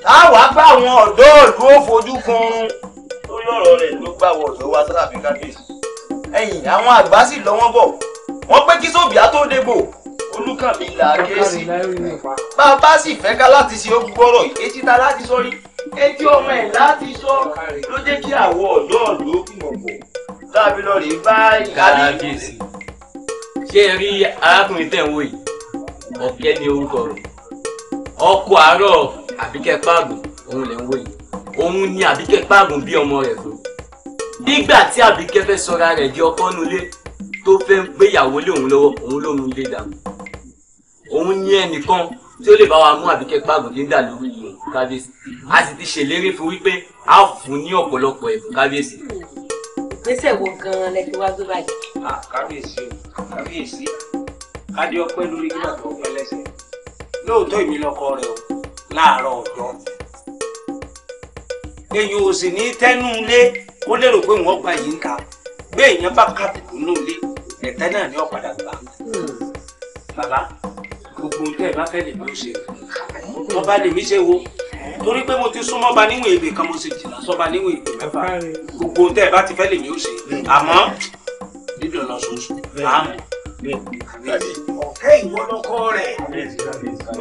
táwa bá àwọn ọ̀dọ́ ìlú ó fojú kunrun lórí ọ̀rọ̀ rẹ̀ ló gbà wọ ọ̀dọ́ wa sára àbíká bèèrè ẹ̀yìn àwọn àgbà sì lọ́wọ́ bọ̀ wọ́n pé kí sóbìá tó dégbò olúkàmí là á ké sí bá a bá sì fẹ́ ká láti ṣe ó gbọ́rọ̀ ìkéjìta láti sọ́rí etí ọmọ ẹ̀ láti sọ ló jẹ́ kí àwọ̀ ọ̀dọ́ ọ̀dọ́ kìmọ̀pọ̀ tàbí lọ rí bá kábíyèsí. ṣé ẹ rí arákùnrin tẹ̀ ń wò yìí ọ̀kẹ́ ni orúkọ rẹ̀ ọkọ̀ àárọ̀ àbíkẹ́ páàgùn òun lẹ̀ ń wò yìí òun ni àbíkẹ́ páàgùn bí ọmọ rẹ̀ tó. nígbà tí àbíkẹ́ fẹ́ sọra rẹ̀ di ọkọ nulẹ̀ tó fẹ́ gbéyàwó lé òun lọ́wọ́ òun ló mú ilé dànù òun ní ẹnìkan tí ó lè bá wa mú àbíkẹ́ pàgùdé ń dà lórí a sì ti ṣèlérí fún wípé a fún ní ọ̀pọ̀lọpọ̀ ẹ̀bùn kábíyèsí. gbèsè wo gan-an lẹ ti wá gbé báyìí. kábíyèsí kábíyèsí lórí nígbà tó èmi lọkọ rẹ o ọjọ. ò sì ní tẹnu lé lérò pé wọn gba yìí ń gbé èèyàn bá gbogbo tẹ́ ẹ bá fẹ́ lèmi ó ṣe tó bá lèmi ṣe wo torí pé mo ti súnmọ́ ba níwọ̀n èdè kan mo sì jìnnà sọ́ba níwọ̀n èdè mẹ́fà gbogbo tẹ́ ẹ bá ti fẹ́ lèmi ó ṣe àmọ́ dídùn lọ sóṣù láàmú. ọ̀kẹ́ ìwọ lọ́kọ rẹ̀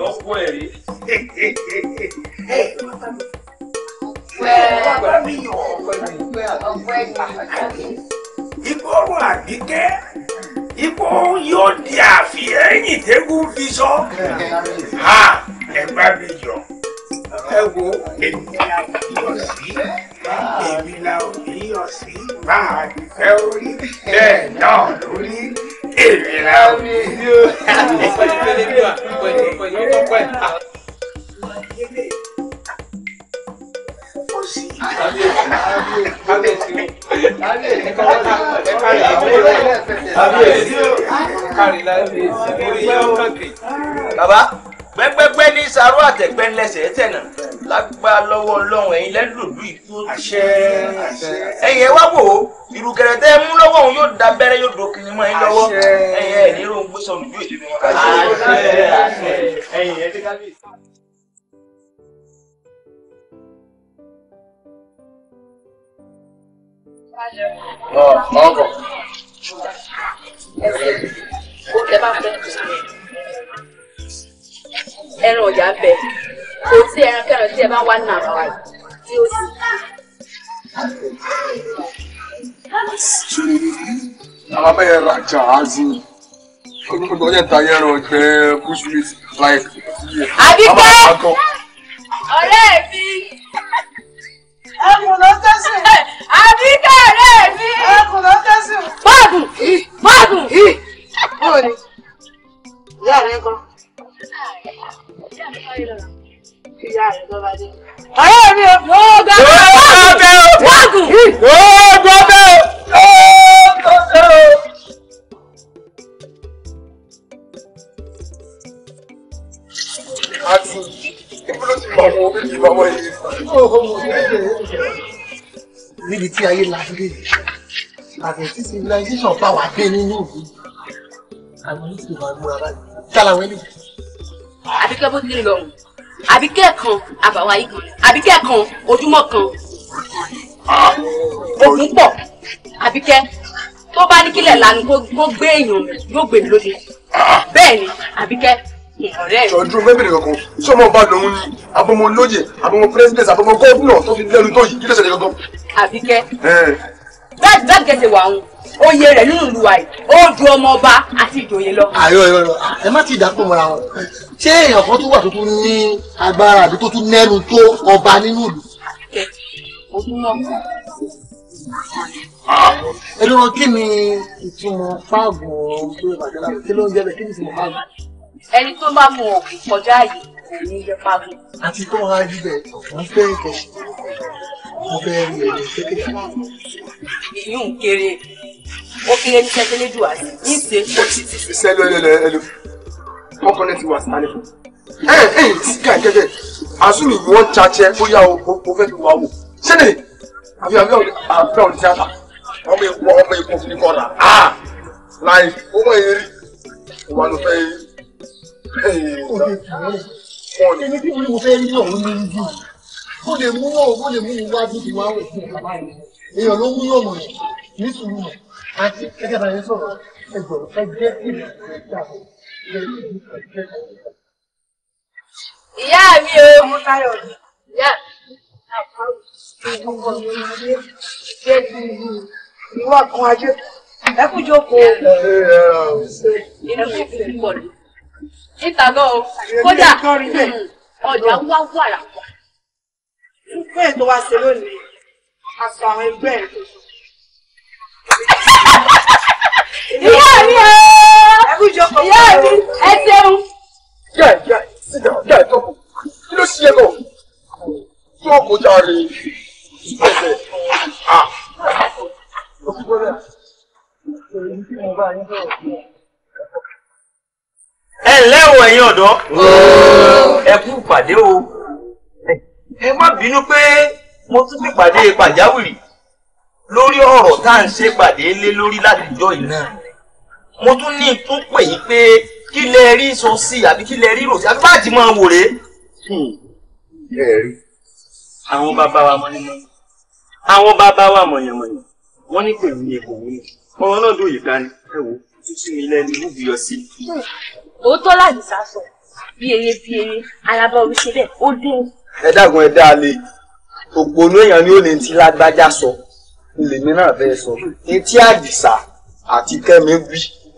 lọ́kọ ẹ̀ rí. ìgbọràn àbíkẹ́ ipò yóò di àfi ẹ̀yìn tẹ́gùn fi sọ ha ẹ bá mi jọ ẹ wo èmi la ò ní èmi la ò ní máa dùkẹ́ orí bẹ́ẹ̀ náà lórí èmi la ò ní bàbá gbẹgbẹgbẹ ní sàrò àtẹgbẹ ńlẹsẹ tẹnà lágbá lọ́wọ́ Ọlọ́run ẹ̀yin lẹlòlú ìlú àṣẹ ẹ̀yin wá wò ó ìrùkẹrẹ tẹ mú lọ́wọ́ òun yóò da bẹ̀rẹ̀ yóò dókè ní mọ ẹ̀yin lọ́wọ́ ẹ̀yin ẹ ní irun gbèsè olùdó ìdíbi wọn kà sí. Oh, no, ọgọ̀. ń bẹ. Kò sí ẹran kẹran tí ẹ bá wá nà wá tí ó sì. Àwọn abẹ́yẹ rajà azu. Olùkọ́ ọjọ́ ìta yẹn ràn jẹ́ bushmeat like. Àbíkẹ́ ọ̀rẹ́ mi ẹkùn ló tẹ̀sùn. <laughs> àbíkẹ́ rẹ̀ mi. ẹkùn ló tẹ̀sùn. bọ́ọ̀dù bọ́ọ̀dù. bóò ni ìyá rẹ gan. ìyá rẹ lọ́ba dé. ọ̀rẹ́ mi ò gbọ́ bẹ́ẹ̀ o. bọ́ọ̀dù. yóò gbọ́ bẹ́ẹ̀ o. yóò gbọ́ bẹ́ẹ̀ o. àti ìbámu ìbámu yìí. níbi tí ayé lajú lè àgbẹ̀ tí civilization bá wà bẹ́ẹ̀ nínú ìlú àwọn oníṣègùn máa ń múra báyìí sálà wọn ni. àbíkẹ́ bó tilẹ̀ lọ́rùn àbíkẹ́ kan àbàwọ̀ ayé kan àbíkẹ́ kan ojúmọ́ kan òkun pọ̀ àbíkẹ́ tó bá ní kílẹ̀ lanu kó gbé èèyàn yóò gbèmí lóde bẹ́ẹ̀ ni àbíkẹ́ jọdún mẹ́bìrì kankan sọmọ ọba lòun ni abọmọ lóye abọmọ president abọmọ gómìnà tó fi lẹ́nu tó yìí kí ló ṣẹlẹ̀ kankan. àbíkẹ́ bẹ́ẹ̀ bẹ́ẹ̀ gẹ̀ẹ́sẹ̀ wà ń oyè rẹ̀ nínú ìlú wa yìí ó ju ọmọ ọba àti ìjòyè lọ. àyọ ẹ lọ ẹ má ti dàpọ̀ mọ́ra wọn ṣé èèyàn kan tó wà tó tún ní agbára àbí tó tún nẹ́nu tó ọba nínú ìlú. ẹ lọ́rọ̀ kí ni ìtumọ̀ fáàgùn tó ń jẹ́ ẹni tó bá mu òògùn kọjá àyè kò ní yẹ pagbo. àti tó wá rí bẹ́ẹ̀ wọ́n fẹ́ ìkẹsì mo fẹ́ rí ẹ̀rọ kékeré. ìyún kéré ó kéré ní sẹ́kẹ́lé dùn àti ìṣe kò sí. sẹ́lú ẹlẹ́lẹ́ ẹlẹ́ wọ́n kọ́ lẹ́tí wà sálẹ̀ fún. ẹ ẹ ti ká kẹ́kẹ́ àsùnmí wọ́n ń chaṣẹ́ bóyá o fẹ́ fi wá wò sẹ́lẹ̀ àfi àfi àfi àwọn tíátà ọmọ ìkọ́ ọmọ ìkọ́ fi ní kọ́ra ah! láì ó mọ̀ èrè wọn ló fẹ́ rí èmi èèyàn ló mú yóò mọ̀ ní sùúrù mọ̀ àti ẹgbẹ́ bá yẹn sọ̀rọ̀ ẹgbẹ́ ẹ jẹ́ kí ìlú rẹ̀ dà ìyá mi ò mú tayọ̀ ìyá ìwọ kan ajé ẹ kú jókòó ẹ kú fi pọ̀ níta gan o kódà hmm, ọjà wá wàrà wà. púpọ̀ ètò wa ṣe lónìí aṣọ àwọn ẹgbẹ́ ẹ̀ ìyá mi ẹ ìyá mi ẹ ṣeun. yẹ yẹ sídà yẹ jókòó kí ló ṣe é lọ jókòó járe ẹsẹ ah ẹ ǹlẹ́ o ẹ̀yin ọ̀dọ́ ẹ kú pàdé o ẹ má bínú pé mo tún fi pàdé pàjáwìrì lórí ọ̀rọ̀ tá à ń ṣe pàdé lé lórí látijọ́ yìí náà mo tún ní tún pè yín pé kí lẹ rí sọ sí àbí kí lẹ rí rò sí àbí bá àti máa wò rè é. Hmm. àwọn bàbá wa mọ̀ nínú àwọn bàbá wa mọ̀yànmọ̀yàn wọ́n ní pẹ̀lú ni èkó wúlò ọmọ náà dòye dání ẹ wò tútù mi lẹ́nu ìlú bíyọ̀ òótọ́ láti sàsọ bí eré bí eré alábọ̀ orí ṣe bẹ́ẹ̀ ó dé. ẹ dàgùn ẹ dáa lè òpònú èèyàn ni ó lè ti lágbájá sọ lèmi náà fẹ́ sọ ní tí àdìsá àti kẹ́mi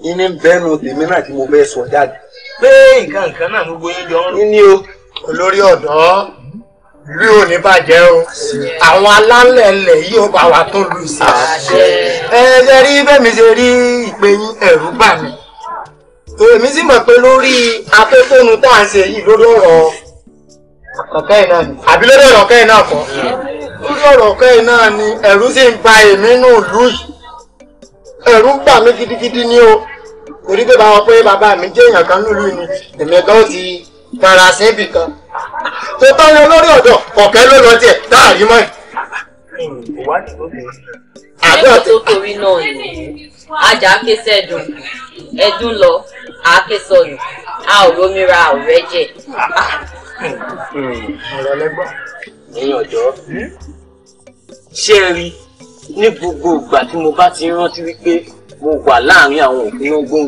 wí ní bẹ́ẹ̀nu lèmi náà tí mo fẹ́ sọ jáde. pé nǹkan nǹkan náà gbogbo yín jọ ń rún. ní o olórí ọ̀dọ́ ìlú ò ní bàjẹ́ o àwọn alálẹ̀ ilẹ̀ yìí bá wa tó lu ìsà. ẹ ẹ rí bẹ́ẹ̀ mi ṣe rí ìpè ẹ̀rú gbà mí èmi sì mọ̀ pé lórí afẹ́fẹ́nu tá à ń ṣe yìí lórí ọ̀rọ̀ ọ̀kẹ́ iná ni àbí lórí ọ̀rọ̀ ọ̀kẹ́ iná kọ́ lórí ọ̀rọ̀ ọ̀kẹ́ iná ni ẹ̀rù sì ń ba èmi nù lù yìí ẹ̀rù ń bà mí gidigidi ni o torí pé báwọn pé bàbá mi jẹ́ èèyàn kan lùlù ni èmi gan ti fara síbì kan tó bá lọ lórí ọ̀dọ̀ ọ̀kẹ́ ló lọ tiẹ̀ táàrí mọ́ ẹ̀. àbí ajá ké sẹ́dùn ẹ̀dùn lọ àáké sọnù a ò rómi ra ọ̀rẹ́ jẹ. ọ̀rọ̀ lẹ́gbọ́n ẹ̀yin ọ̀dọ́ ṣé ẹ rí ní gbogbo ìgbà tí mo bá ti rántí wípé mo wà láàárín àwọn òpin gbòǹgbò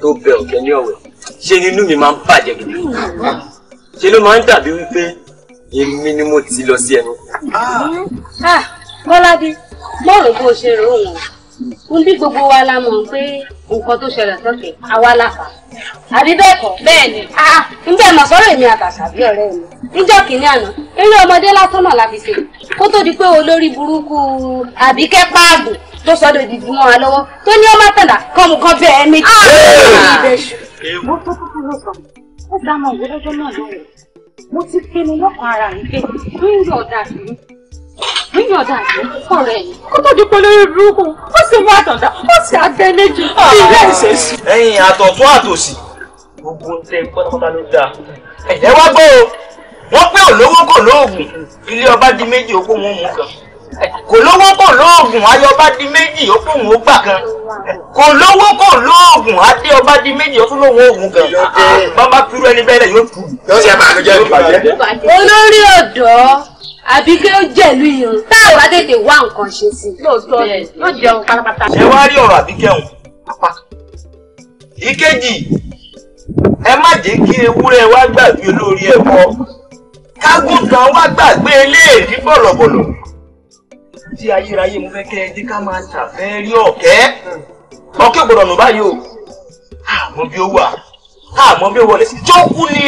tó bẹ ọ̀kẹ́ ní ọ̀wẹ̀ ṣé inú mi máa ń bàjẹ́ gidi ṣe ló máa ń dàbí wípé èmi ni mo ti lọ sí ẹnu. Ah, bọ́ládé mo rò bó ṣe rò ó níbi gbogbo wa la mọ̀ pé nǹkan tó ṣẹlẹ̀ sọ́kè àwa la fà àbí bẹ́ẹ̀ kọ́. bẹ́ẹ̀ni. ǹjẹ́ ah, mọ̀ sọ́rọ̀ èmi àtàṣàbí ọ̀rẹ́ mi níjọ́ kìíní àná eré ọmọdé lásán náà ṣe kó tó di pé olórí burúkú àbíkẹ́ páàgù tó sọ́dọ̀ ìdìbò wọn wa lọ́wọ́ tó ní ọmọ tẹ̀dá kọ́mùkọ́ ah! bẹ́ẹ̀ méjì. mo tó kúkú ló sọ ó dá mọ̀ ìwé lọ́jọ́ náà yíyan ọ̀dà àti ọ̀rẹ́ yìí kó tó di polówó burúkú ó sì mú àtọ̀dá ó sì àgbẹ̀lẹ́jù bí ilé ìṣesí. ẹ̀yin àtọ̀tún àtòsì gbogbo ń tẹ pátápátá ló dáa ẹ̀jẹ̀ wá gbọ́ o wọ́n pé olówó kò lóògùn ilé ọba di méjì ogún wọn mú kan kò lówó kò lóògùn ayọba di méjì ó fún òun ó gbà kan kò lówó kò lóògùn adé ọba di méjì ó fún òun òògùn kan bàbá ah, firu ẹni bẹ́ẹ̀ yóò tù. yóò ṣe máa jẹ́ ìbàjẹ́. olórí ọ̀dọ́ àbí kí ó jẹ̀lú yìí tá a wá tètè wá nǹkan ṣe sí i. lóòótọ́ yóò jẹun pátápátá. ẹ wá rí ọ̀rọ̀ àbíkẹ́hùn apá ìkejì ẹ má jẹ́ kí ewúrẹ́ wa gbàgbé olórí ẹ̀kọ́ kágùntàn wa gbàgbé eléèrí bọ̀lọ̀bọ̀lọ̀ tí ayérayé mo fẹ́ kẹ́ ẹ jẹ́ ká máa ṣàfẹ́rí ọ̀kẹ́ ọ̀kẹ́ gbọ́dọ̀ nù báyìí o àmọ́ bí ó wà àmọ́ bí ó wọlé sí jókù ní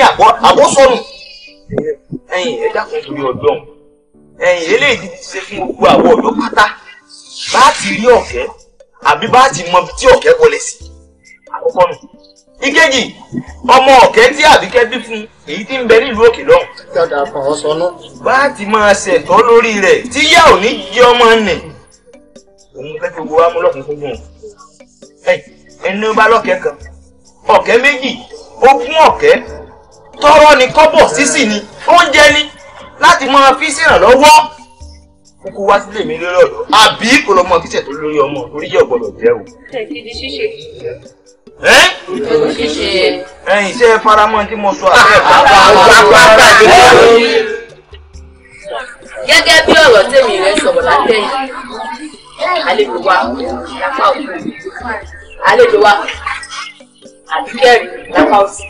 àbọ̀sọ̀nù ẹ̀yìn ẹ dákun torí ọdún ẹ̀yìn eléyìí ti ṣe fún gbogbo àwọn ọ̀dọ́ pátá bá ti rí ọ̀kẹ́ àbí bá ti mọ ibi tí ọ̀kẹ́ wọlé sí àkọ́kọ́ nù ìkejì ọmọ ọ̀kẹ́ tí àbíkẹ́ bí fún èyí tí ń bẹ nílùú òkè lọ. dada kan ọ sọ náà. bá a ti máa ṣẹ̀tọ́ lórí rẹ̀ tí yá ò ní jẹ́ ọmọ nì. òun fẹ́ fi wo amúlọ́kùn fún un. ẹni ó bá lọ́kẹ́ kan ọ̀kẹ́ méjì ó ọ̀kẹ́ tọrọ ni kọ́bọ̀ sísì ni oúnjẹ ni láti máa fi ṣèrànlọ́wọ́ kúkú wá sílé mi lórí ọ̀dọ́ àbí kò lọ́mọ kíṣẹ̀ tó lórí ọmọ orí yẹ̀ ẹ̀yin ṣe é faramọ́ tí mo sọ àbẹ́ gẹ́gẹ́ bí ọ̀rọ̀ tèmi rẹ sọ̀rọ̀ látẹ̀yìn àlejò wa lápá òkú àlejò wa àbíkẹ́rì lápá òsì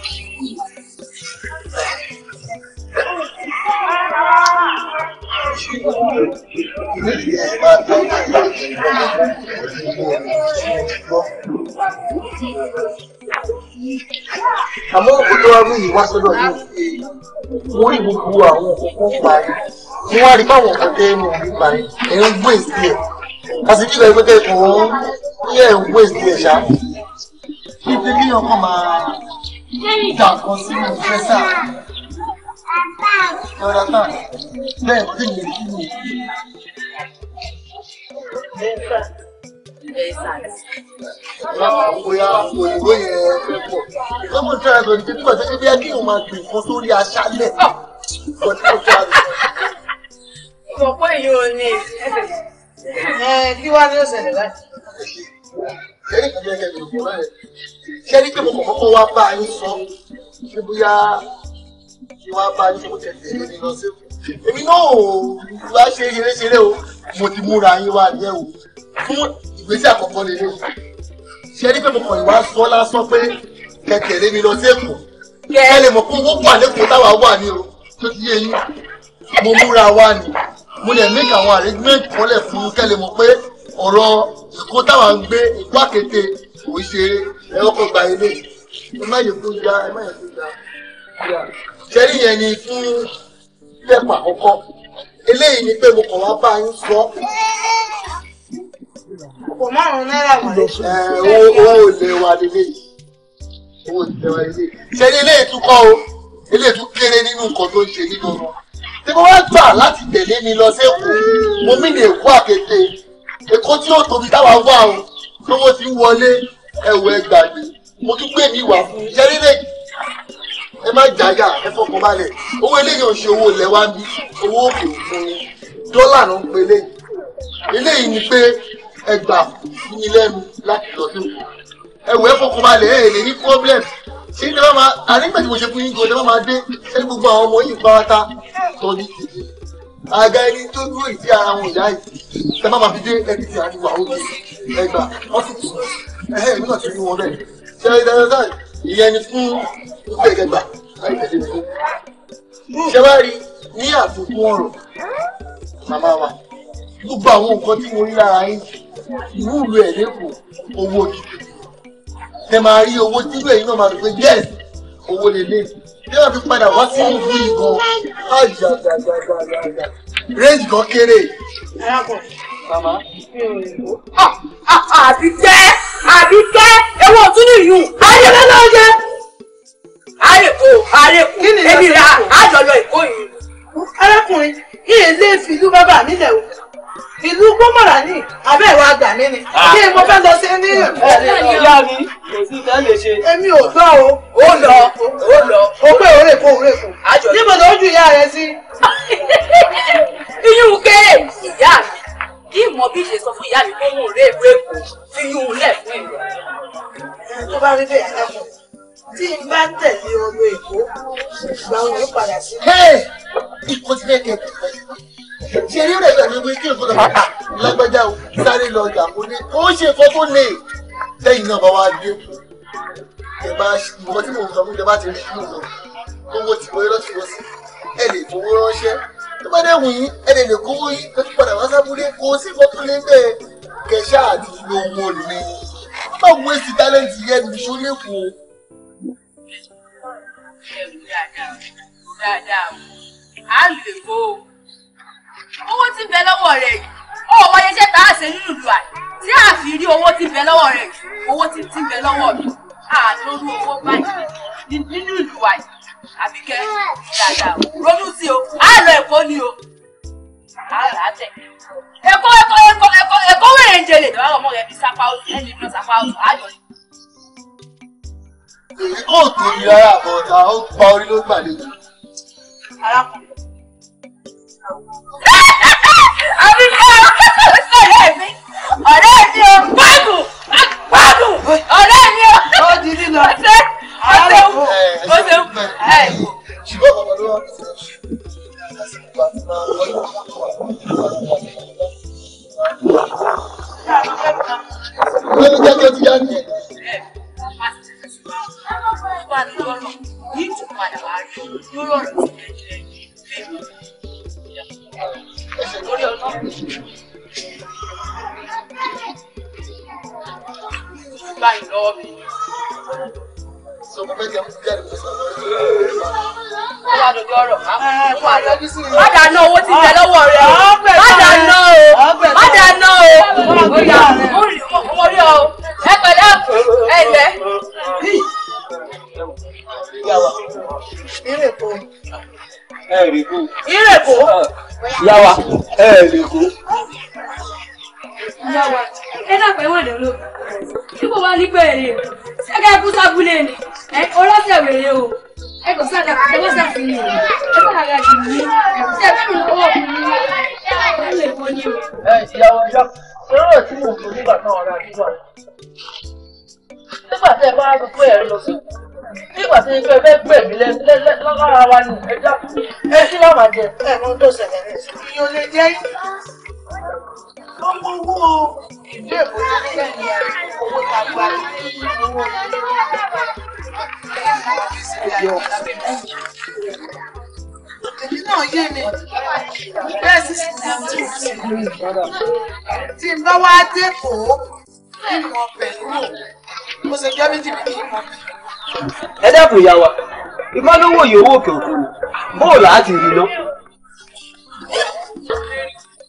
àmọ́ òkúta wa wá sọ́dọ̀ yìí wọ́n rí gbogbo àwọn òkùnkùn parí ni wọ́n á rí báwọn òkúta ẹnu òbí parí ẹ̀ ń gbé sí ẹ̀ àti bí ìgbà ìgbẹ́kẹ̀ òun yẹ ẹ̀ ń gbé sí ẹ̀ ṣá. kí ọkọ̀ máa dà kan sínú fẹ́sà Lọ́dọ̀ tán. Bẹ́ẹ̀ kí sí bóyá kí òun ní. Kí mo kọ̀ọ̀kan wá bá yín sọ? Ṣé bóyá kí wọ́n bá yín kó tẹ̀lé ní lọ sí èmi náà ò wá ṣe ṣeréṣeré o mo ti múra yín wá rí ẹ o fún ìgbésẹ̀ àkọ́kọ́ lè lò ṣe é ní pé mo kàn ìwà sọ lásán pé kẹ̀kẹ̀rẹ́ mi lọ sí èkó kẹ́ lè mọ̀ pé owó wà lẹ́kọ̀ọ́ táwa wà ní o tó ti yé yín mo múra wá ni mo lè make àwọn arrangement kọ́lẹ̀ fún kẹ́ lè mọ̀ pé ọ̀rọ̀ èkó táwa ń gbé èkó àkété kò ṣe ẹ̀rọ kan gba ilé ẹ má yẹ kó ya ẹ má yẹ kó ya sẹ́rí yẹn ni fún lẹ́pọ̀ àkọ́kọ́ eléyìí ni pé mo kàn wá bá yín sọ. kò márùn-ún náírà wà lẹ́sùn. ẹ owó ò lè wà lélẹ́yìí owó ò lè wà lélẹ́yìí. sẹ́rí eléyìí tún kọ́ o eléyìí tún kéré nínú nǹkan tó ń ṣe nínú wọn. tí mo wá gbà láti tẹ̀lé mi lọ sẹ́kọ̀ọ́ mo mí ní èkó àkété èkó tí yóò tóbi táwa wà o lówó ti wọlé ẹ̀wọ̀ ẹgbàgbé mo tún gbé mi wà fún sẹ́rí lẹ́yìn ẹ má jáyà ẹ fọkàn balẹ̀ owó eléyìí ò ṣe owó ilẹ̀ wa bí owó òkè òkun ni dọ́là ló ń pe eléyìí eléyìí ni pé ẹ gbà ní lẹ́nu láti lọ sí òkú ẹ wọ ẹ fọkàn balẹ̀ ẹ lè ní problem ṣé ní bá máa àrígbà tí mo ṣe fún yín gan ní bá máa dé ṣé gbogbo àwọn ọmọ yìí pátá tọ́jú àga ẹni tó dúró ìdí ara wọn ìyá yìí ṣe má máa fi dé ẹni tí a ti wà ó di ẹgbàá ọ́fíìsì ẹ̀hẹ́ ìmúlò ti rí wọn bẹ́ẹ̀ ṣe é dáadáa ìyẹn fún gbẹ̀gbẹ̀gbà láìpẹ̀lẹ̀ fún. ṣé ní àfikún ọ̀rọ̀ màmá wa gbogbo àwọn nǹkan tí mo rí lára yín ìlú ìlú ẹ̀ lẹ́kọ̀ọ́ owó òkìkí ẹ máa rí owó tí bẹ́ẹ̀ iná máa dùn pé yes owó lè bí wọ́n fi padà wá sí ìlú yìí gan-an àjàgàgàgàgà rẹ́ǹjì kan kéré. Ah, ah, Màmá. Àbíkẹ́ Àbíkẹ́ ewu ọ̀tún ní ìyún. Ayé ló lọ́ọ́ jẹ́. Ayé kò ayé kò ebi ra àjọyọ̀ ìkó yìí. Arákùnrin yìí lé fìlú bàbá mi lẹ̀ o. Ìlú Gbọ́mọ̀rà ní abẹ́ ìwà àgbà mi ni. Kí ni ah. mo fẹ́ lọ sí ní ìyá mi? Kò sí ìtẹ́ lè ṣe. Èmi ò gbọ́ o. Ó lọ. Ó lọ. O pé òórè kó òórè kó. Níbo ló ń ju ìyá rẹ sí? <laughs> Iyún ké ìyá mi kí ìmọ̀ bí ṣe sọ fún ìyá mi kóhùn réèbù èkó fi yún lẹ̀ fún ìlú. tó bá rí bẹ́ẹ̀ aláfọ̀ tí n bá tẹ̀lé ọmọ èkó ìgbà wọn yóò padà sí. ikú ti lẹ́kẹ̀ẹ́ ṣe rí rẹ̀ pẹ̀lú ibi kí nǹkan tó lágbájá o sáré lọ ọjà kó ní ó ṣe nǹkan lè lẹ́yìn náà bá wá dé ẹ bá nǹkan tí mò ń sọ fún ìjọba ti rí nínú owó tí mo yẹ lọ́sọ̀ọ́sì ẹ lè fowó ránṣẹ́ tó bá dẹ̀ wù yín ẹ lè lè kówó yín kẹ́tù padà wá sábúlé kó o sì fọ́tún lé bẹ́ẹ̀ kẹ̀ṣà àti lówó ni má wo èsì tálẹ́ǹtì yẹn ní ṣó lẹ́kọ̀ọ́. dáadáa à ń lè kó o owó tí ń bẹ lọ́wọ́ rẹ̀ yìí ó ọmọ yẹn ṣe tá a ṣe nínú ìlú àyè tí a fi rí owó tí ń bẹ lọ́wọ́ rẹ̀ yìí owó tí ń bẹ lọ́wọ́ mi àtọ́rú owó báyìí nínú ìlú àyè àbíkẹ́ dáadáa ronú sí o á lọ ẹ̀kọ́ ni o á rà á tẹ̀. ẹ̀kọ́ ẹ̀kọ́ ẹ̀kọ́ ẹ̀kọ́ ẹ̀kọ́ wẹ̀rẹ̀ ń jẹlẹ̀ ìdáwọ́ ọmọ rẹ̀ fi sápá ọ̀sùn ẹni náà sápá ọ̀sùn á yọ ní. ó tó yí ara àbọ̀ ọ̀tá ó gba orí ló gbàlejò. arákùnrin. àbíkẹ́ ọ̀rẹ́ mi ọ̀rẹ́ mi ò gbádùn gbádùn ọ̀rẹ́ mi ò. ó di lílọ ṣeun o sọ mo fẹ́ kí ẹ mú jáde mo sọ. Má dáná owó ti jẹ lọ́wọ́ rẹ̀ o. Má dáná o. Má dáná o. Mo rí ọ. Ẹ pẹ̀lẹ́ ẹ lẹ̀. Ìrèkó. Ẹ̀rìkó. Ìrèkó. Yàwá ẹ̀rìkó ìyá wa ẹ dàgbà kò wá nígbà èrè ẹgẹ kú sábúlé ni ẹ ọlọ́sẹ̀ wèrè o ẹ kò sáà dàpọ̀ ẹ bọ́ sáà fi yìí ẹ bọ́ àga jù mí ẹ kò sáà fẹ́ràn mi ní ẹ lè kọ́ o. ẹ ìyàwó ìjọ lọ́rọ̀ tí mò ń nígbà náà ọ̀rọ̀ àdúgbò rẹ̀ nígbà tẹ́ ẹ bá sọ pé ẹ lọ sí nígbà tí ẹgbẹ́ ẹgbẹ́ gbẹ̀mí lọ́lára wa ni ẹ já ẹ sí láwọn àjẹ. ẹ mọ tó ṣẹlẹ̀ rẹ sí. ìyọ̀lẹ̀ jẹ́ tó mú owó ilé ìwé sílẹ̀ ní owó tá a gba owó ìyọ̀ èmi náà yé mi bẹ́ẹ̀ sì sì ti tí n bá wá dé kó ìmọ̀ pẹ̀lú mo ṣe jẹ́ méjì bí ìmọ̀ pẹ̀lú. ẹ dákun ìyá wa ìmọ̀lówó yìí owó òkè òkú bóòlù àti ìrìnà.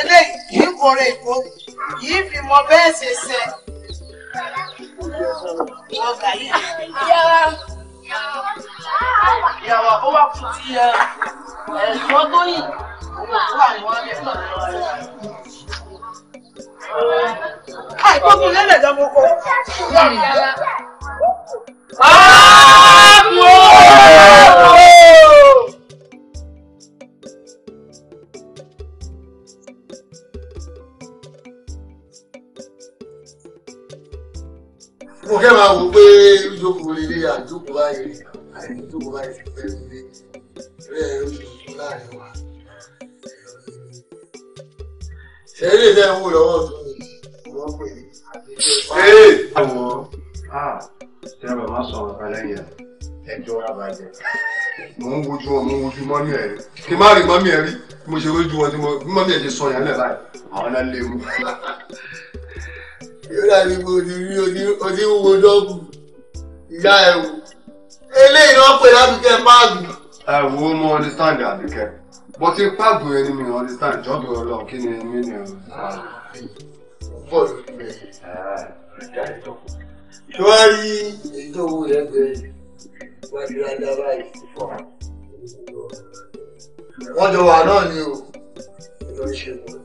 eléyìí kì èkó kì fi mọ bẹ́ẹ̀ ṣe ṣe. ọgá ó wà fún ti ẹ̀gbọ́n tó yìn òun tó wà níwájú ẹ̀ náà àìkókò lẹ́lẹ̀ lọ́mọkọ. Báàmù! mo kẹ́ máa wò pé ìjókòó ilé àjókòó báyìí àti ìjókòó báyìí pẹ̀lú ilé rẹ̀ ìjókòó láàrin wa. ṣẹ́rí ìfẹ́ ń wò lọ́wọ́ tó ń wọ́n pè ní àgbẹ̀jọ́ ìpamọ́. ṣé ẹ bàbá sọ̀rọ̀ kalẹ̀ yẹn ẹjọ́ abajẹ́ mo ń wojú wọn mo ń wojú mọ́mí ẹ̀ rí kí n má rí mọ́mí ẹ̀ rí mo ṣe wojú wọn tí mo mọ́mí ẹ̀ ṣe sọ yẹn lẹ̀ báyìí àwọn náà lè mú yóò ní mo ti rí odi wo dọ́ọ̀bù ìyá ẹ̀ wò eléyìí wọ́n pè lábùkẹ́ páàgì. ẹ wo mo understand àbíkẹ́ bó ti páàgì yẹn ni mi understand jọ́bù ọlọ́run kí ni mi ni understand. bọ́ọ̀lù bẹ̀ tí wọ́n rí èyí tó wù yẹn bẹ̀rẹ̀ wọ́n ti rájà báyìí fọ́ wọ́n jọ wà náà ni o ìjọ ìṣègùn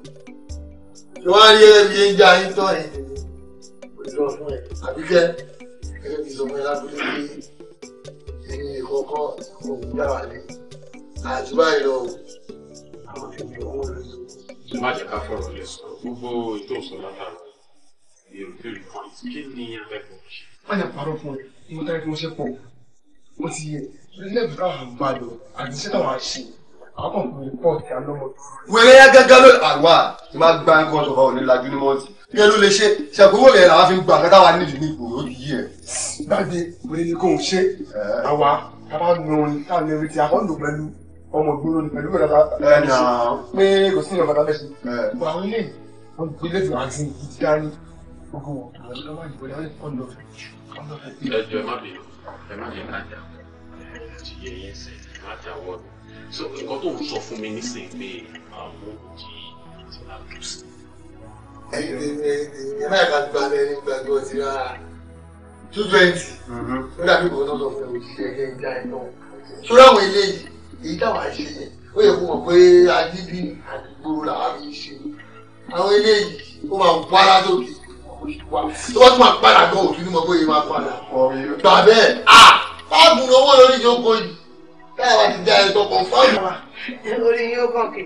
tí ń jà yín yìí irọ́ fún ẹ̀ àbí jẹ́ gẹ́gẹ́ bí ìsọmọ ẹlábílẹ̀ pé ẹni ìkọ̀kọ̀ òun gbà wà lé àti báyìí lọ àwọn ti fi owó lórí. má jẹ́ ká fọ̀rọ̀ lẹ sọ gbogbo ètò ìsọ̀lá náà èrò tó rí fún ẹ kí ni abẹ́kọ̀ ṣe. má jẹ́ parọ́ fún ẹ mo a tí mo ṣe pọ̀ mo ti yẹ lẹ́ẹ̀bù káwọn gbà lọ àti sẹ́tà wàá ṣe àwọn kan kò ní pọ̀ sí alọ́mọ. wẹ́rẹ́ yá gángan ló àwa máa gbá nǹkan ọ̀sọ̀ fún ọ yẹn ló lè ṣe ṣàgbéwò yẹn làwa fi ń gba nǹkan nídìí ní ìgbòho yìí yẹ. dáàdi òye ni kò ń ṣe àwa tábà nu orin táà ní orin a kọ́ lò pẹ̀lú ọmọ ìgboro ni pẹ̀lú ìgbàlá pé kò sí ìyọ̀nba tábẹ́ ṣe. gbogbo àwọn ilé wọn gbé lẹ́tọ̀ àti ìdání gbogbo wọn lọ́wọ́ ìgbòho yẹn kọ́ lọ fẹ́. ẹjọ́ ẹ má bẹ ẹ má bẹ kájà ẹ̀yin náà ká gba ẹni gbàgbé ọtí rárá two twenty ó dàbí kò tọ́tọ̀ fún òṣìṣẹ́ ẹgbẹ́ ìjà iná sórí àwọn eléyìí èyí táwọn àṣẹ yẹn ó yẹ kó mọ̀ pé adébí àdúgbò làwọn fi ṣe àwọn eléyìí ó máa ń wá látòkè tó bá tún máa padà gan òtún ní mọ̀ pé máa padà gbà bẹ́ẹ̀ à fáàbù lówó lórí ìjókòó yìí táwọn ti dá ẹ̀ tọkàn fáàbù. orí yóò kàn kì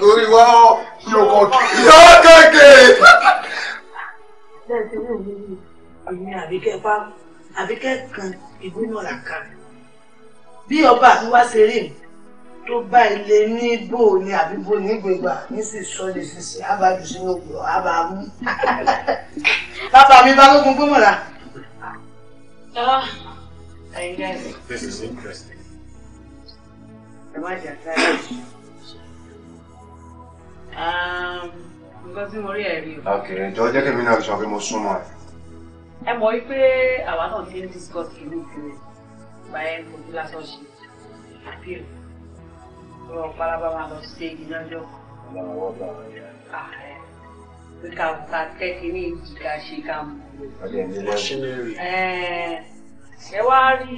lórí wa ọ yóò kọ yọ kéèké. bẹ́ẹ̀ ti wù mí èmi àbíkẹ́ bá àbíkẹ́ kan ìbínú ọ̀la kan bí ọba mi wá ṣe rí mi tó bá ilé ní bò ní àbíbò ní gbègbà ní sì sọ lè fi ṣe ábàdù sínú òkúrọ̀ ábàámú. bàbá mi bá lógun gbọ́mọ̀ra. This is interesting. Um, nǹkan tí mo rí ẹ̀ rí o. okay jọ jẹ́ kí mi náà sọ pé mo súnmọ́ ẹ. ẹ mọ̀ wípé àwa náà ti ń discuss kìíní ìpínlẹ̀ báyẹn kò ní lásán ṣe àpíl ọ̀rọ̀ pálábá máa lọ sí ìdílé ọjọ́ kan. ọlọ́run wọ́n bá wọn yá. pé ká ká kẹ́kìnní ìjì ká ṣe ká mú un. ọ̀lẹ́ mi ní rí. ẹ wá rí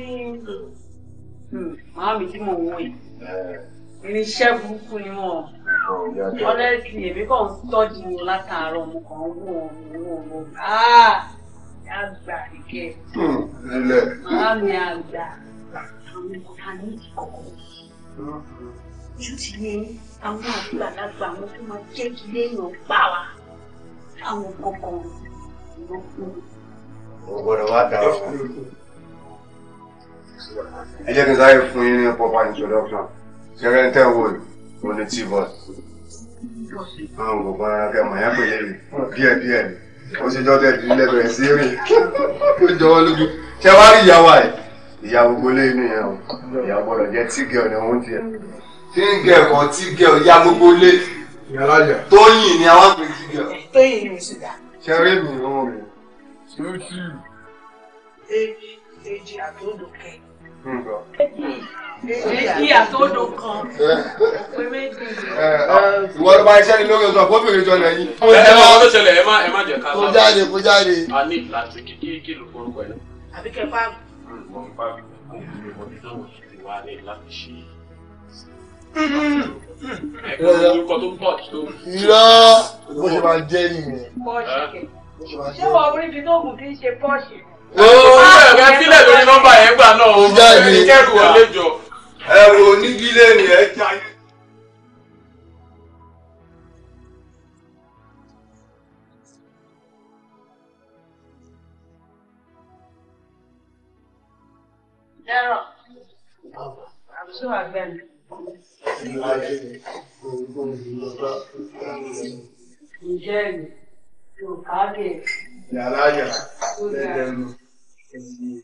hmm, màámi tí mò ń wò irinṣẹ́ burúkú ni wọn honestly èmi kàn ń tọ́jú wọn látàárọ̀ mo kàn ń wò wọ́n wò wọ́n ah! àgbà nìkẹ́ hmm, màámi àgbà àwọn ọ̀tá ní ìkọ̀kọ̀ ojú ti ní àwọn àgbàlagbà àwọn tó máa jẹ́ kí léèyàn pa wá àwọn kọ̀ọ̀kan ló kú. o gbọ́dọ̀ wá dá ọ ẹ jẹ́ kí n sáré fún yín ní pọpá introduction ṣẹlẹ̀ tẹ́ wò yìí mo ní tí bọ́ọ̀ àwọn gbogbo ara kẹ mọ̀ yẹn pè lè rí díẹ̀ díẹ̀ ni ó ṣe jọ́ tẹ̀lé ilé bẹ̀rẹ̀ sí rìn ó jọ wọ́n lójú ṣé wàá rí ìyàwó àyè ìyá gbogbo lé inú yẹn o ìyá gbọ́dọ̀ jẹ́ tígẹ̀ ọ̀nà òun tiẹ̀ tígẹ̀ kan tígẹ̀ ìyá gbogbo lé tóyìn ni àwọn àgbẹ̀ tígẹ̀ tóyìn ni mo ṣe dà. ṣẹ́rí mi ò rìn. ṣé ó tì í. èjì àtòdò kẹ́ẹ̀ èyí àtọ́dọ̀ kan pé méjì. ìwọ ló bá iṣẹ́ ní lórí oṣù àpò obìnrin jọ lẹ́yìn. ẹ máa ló ṣẹlẹ̀ ẹ má ẹ má jẹ ká. kó jáde kó jáde. a ní láti kí kí kí ló forúkọ ẹ. àbí kẹ fá. wà á ní láti ṣe. ẹ̀kọ́ orúkọ tó pọ̀ tó. irọ́ bó ṣe máa jẹ́ nìyẹn. pọ́ọ̀ṣì kẹ̀ ṣé wọ́n orí ibi tó kù kì í ṣe pọ́ọ̀ṣì ooo ah, ẹ̀rẹ́ fílẹ̀ lórí nọ́mbà yẹn gbà náà o kẹ́rù wọlé jọ. ẹ wo onídìílé ni ẹ ah. jáde. Ẹ̀rọ. Àbùsùn àgbẹ̀ mi. Ǹjẹ́ mi? Yàrá yàrá. Lẹ́dẹ̀ẹ́nu. Indeed.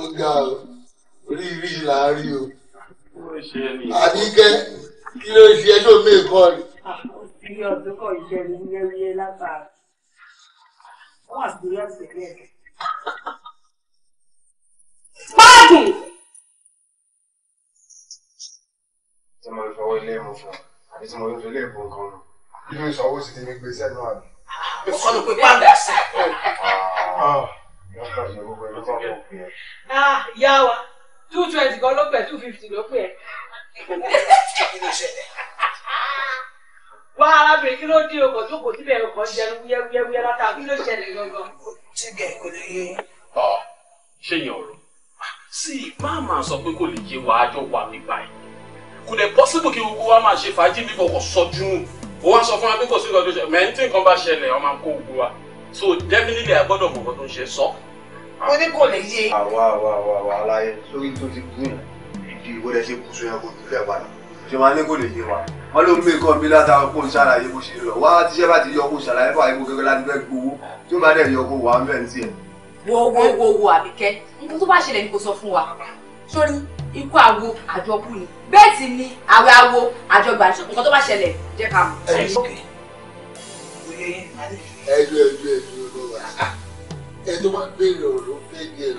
ó ga ọ rírí là á rí o àníkẹ́ kí ló ṣe ẹjọ́ mi kọ́ ni. ìdí ah, ọdún kọ iṣẹ́ mi ní ẹríyé látara wọn àti ìyá ọ̀sẹ̀ bẹ́ẹ̀. páàkì. tí mo fọwọ́ ilé mu fún àbí tí mo fi ilé ìbò nǹkan nù. nínú ìsanwó sì ti mi gbé sẹ́nu àbí. ọkọ ló pe pàǹdà sí. Ah, ah, yá wa two twenty kan ló pẹ two fifty ló pẹ. kí ló ṣẹlẹ̀. wá arábìnrin kí ló dín ọkọ̀ tó kò síbẹ̀ ọkọ̀ jẹun wúyẹ́wúyẹ́ látà kí ló ṣẹlẹ̀ gangan. tígẹ̀ kò lè yé. ṣé yẹn ọ̀rọ̀ ah, sí máa máa sọ pé kò lè yé wa àjọ wa nígbà yìí. Could it possible kí gbogbo wa máa ṣe fàájì bí kò sọdún ó wá sọ fún wa pé kò sí nǹkan tó ṣe mẹ́rin tí nǹkan bá ṣẹlẹ̀ ọmọ kó gbogbo wa so definitely a gbọ́dọ̀ mọ̀ nǹkan tó ń ṣe sọ. ó ní kò lè yé. àwa àwa àwa àwa aláyẹ sórí tó ti gún ìdí ìwé rẹ ṣe kùsùn yẹn kò jùlẹ̀ padà ṣe máa ní kò lè yé wa wọn ló mú nǹkan mi látara kó n ṣàlàyé bó ṣe lọ wá tíṣẹ́ bá ti yọ kó ṣàlàyé fún àyíkó kékeré láti fẹ́ gbowó tí ó bá dẹ̀ yọ kó wà á mẹ́rin sí ẹ̀. wo wo wo wo àbíkẹ́ nǹkan tó bá ṣẹlẹ̀ ni kò sọ fún wa sórí ikú àwo àjọkú ni bẹ́ẹ̀ sì ni àwẹ̀ àwo àjọgbà ṣé nǹkan tó bá ṣẹlẹ̀ jẹ́ ká mọ̀. ẹ ló ẹ ló ẹ ló wà ẹ tó máa béèrè ọ̀rọ̀ bẹ́ẹ̀ ni ẹ lọ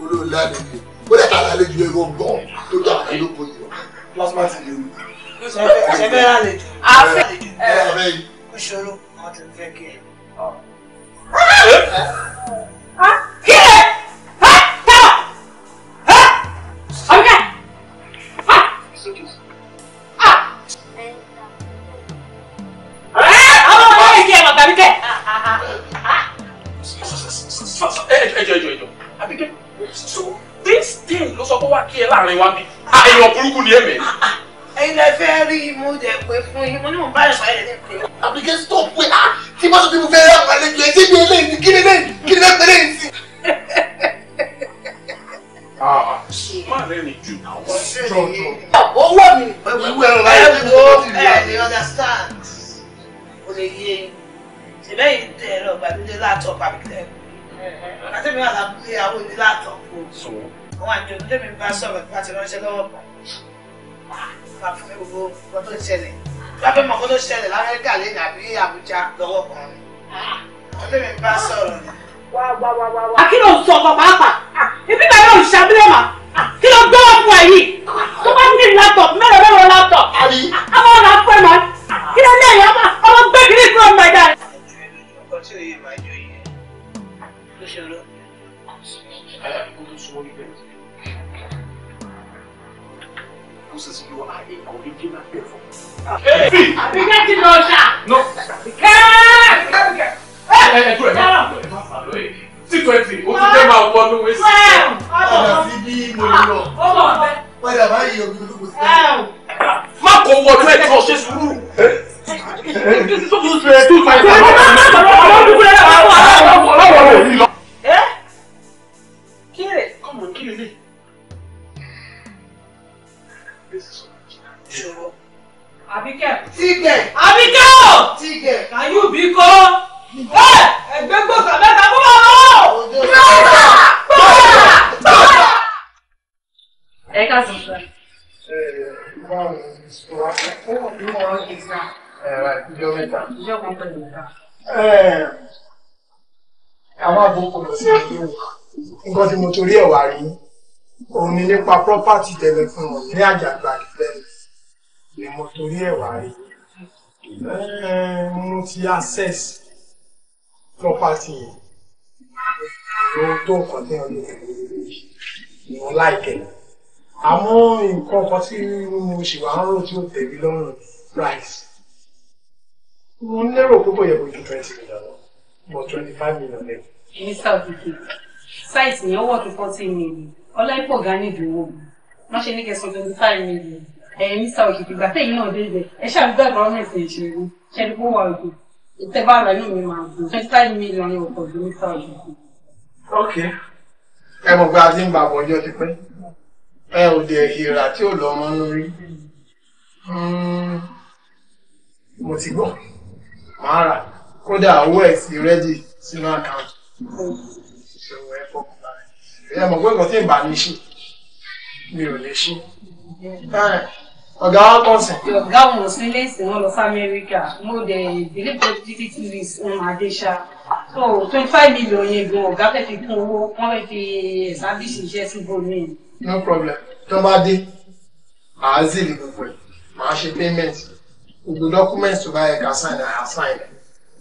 olóòlù àlejò ó dẹ̀ tààrà àlejò ẹ lọ gbọ́n tó dà á lóko yìí. plasma ti lè wù. ṣẹfẹ àlejò. àfẹ ẹ ẹ kó ṣòro wọn fẹ kí ẹ. kí ẹ. 打了完毕。ọkọ̀ àti ìtẹ̀lẹ̀ fún wọn ní àjàgbà ìfẹ́ ni mo torí ẹ̀ wá rí mo ti access property tó tó nǹkan tí wọn lè ní wọn láìpẹ́ àmọ́ nǹkan kan tí mo ṣì wá ń rò tí ó tẹ̀lé lọ́rùn price mo lérò pé kò yẹ kó ju twenty million lọ but twenty five million lẹ́yìn. mr okeke site yẹn wọ̀ tó fourteen million ọlá ipò ga nídìí owó mi wọ́n ṣe ní kẹsàn-án twenty five million ẹ̀yin mr òkìkí gbà tẹ̀yìn náà dé ibẹ̀ ẹ ṣàdúgbò àgbọ̀rọ̀ náà ṣe ìṣòro ṣẹ́ni kó wà òkè ìtẹ́bà rẹ̀ inú mi máa gbó twenty five million ni òkò ju òkìkí. ok ẹ mọ̀ pé a ti ń gbàgbọ́ ọjọ́ ti pẹ́ ẹ ò dẹ̀ ìrà tí ò lọ́mọ lórí hmm. mo ti gbọ́ màá rà kódà owó ẹ̀ sí rẹ́dì sínú àkáǹtì ìṣòwò ẹ̀ fọkùnrin ẹ mọ̀ pé nǹkan tí ì mi ò lè ṣe. ọ̀gá wa kọ̀ sẹ̀. ọ̀gá wọn ò sí ilé ìsìn wọn lọ sí amẹ́ríkà mo dẹ̀ believe God did it with um, adesha so twenty five million yẹn gan ọ̀gá fẹ́ fi kún owó wọ́n fẹ́ fi establish iṣẹ́ síbò míì. no problem tó bá dé màá zèlè gbogbo ẹ̀ màá ṣe payment gbogbo documents tó bá yẹ ká sign ẹ̀ á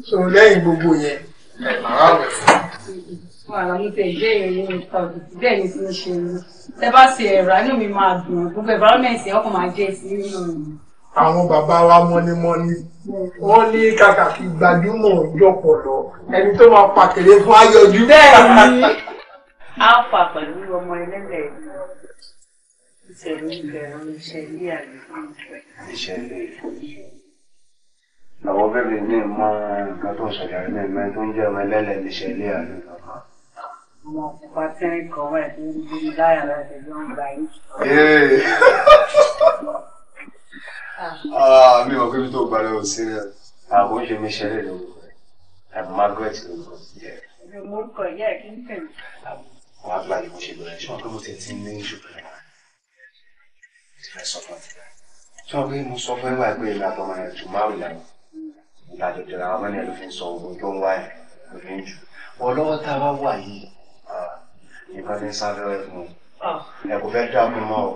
so lẹ́yìn gbogbo yẹn ẹ̀ màá wẹ̀ fún fún ara mi fẹ́ ìbéèrè yìí nípa òbítí bẹ́ẹ̀ ni tí mo ṣe rí tẹ́ bá ṣe ẹ̀rọ inú environment yẹn ọkàn máa jẹ́ sí nínú mi. àwọn bàbá wa mọ́nímọ́ní wọ́n ní kàkà kí gbajúmọ̀ yọpọ̀ lọ ẹni tó máa pàkèrè fún ayọ̀jú. bẹ́ẹ̀ni a fà pẹ̀lú ọmọ ẹlẹ́lẹ̀ ìṣẹ̀lẹ̀ ìbẹ̀rù ìṣẹ̀lẹ̀ àgbẹ̀. ìṣẹ̀lẹ̀ làwọn bẹ̀rẹ̀ ní ìmọ̀ nǹkan tó ń ṣẹlẹ̀ ní ìmọ̀ tó ń jẹ́ ọmọ ẹlẹ́lẹ̀ ìṣẹ̀lẹ̀ àgbẹ̀ kankan. Ah, mi ò kí n tó gbalẹ̀ o serious. àbò ń ṣe mí ṣẹlẹ̀ ló wọ ẹ àbò Margaret ló wọ ẹ. mo ń kọ ìyá ẹ kí n tẹ̀lé. wọ́n á gba ìbò ṣe bẹ̀rẹ̀ ṣọ́n pé mo ti ti ní ìṣù pẹ̀lú ẹ̀ ẹ̀ sọ fún ẹ̀. sọ pé mo sọ fún ẹ pé èmi àtọmọ ẹ̀ tù máa ń sọ ogun tó ń tá a wá nǹkan ní sáńdẹ́rẹ́ fún un ẹ ah. kò fẹ́ dá mi mọ́ o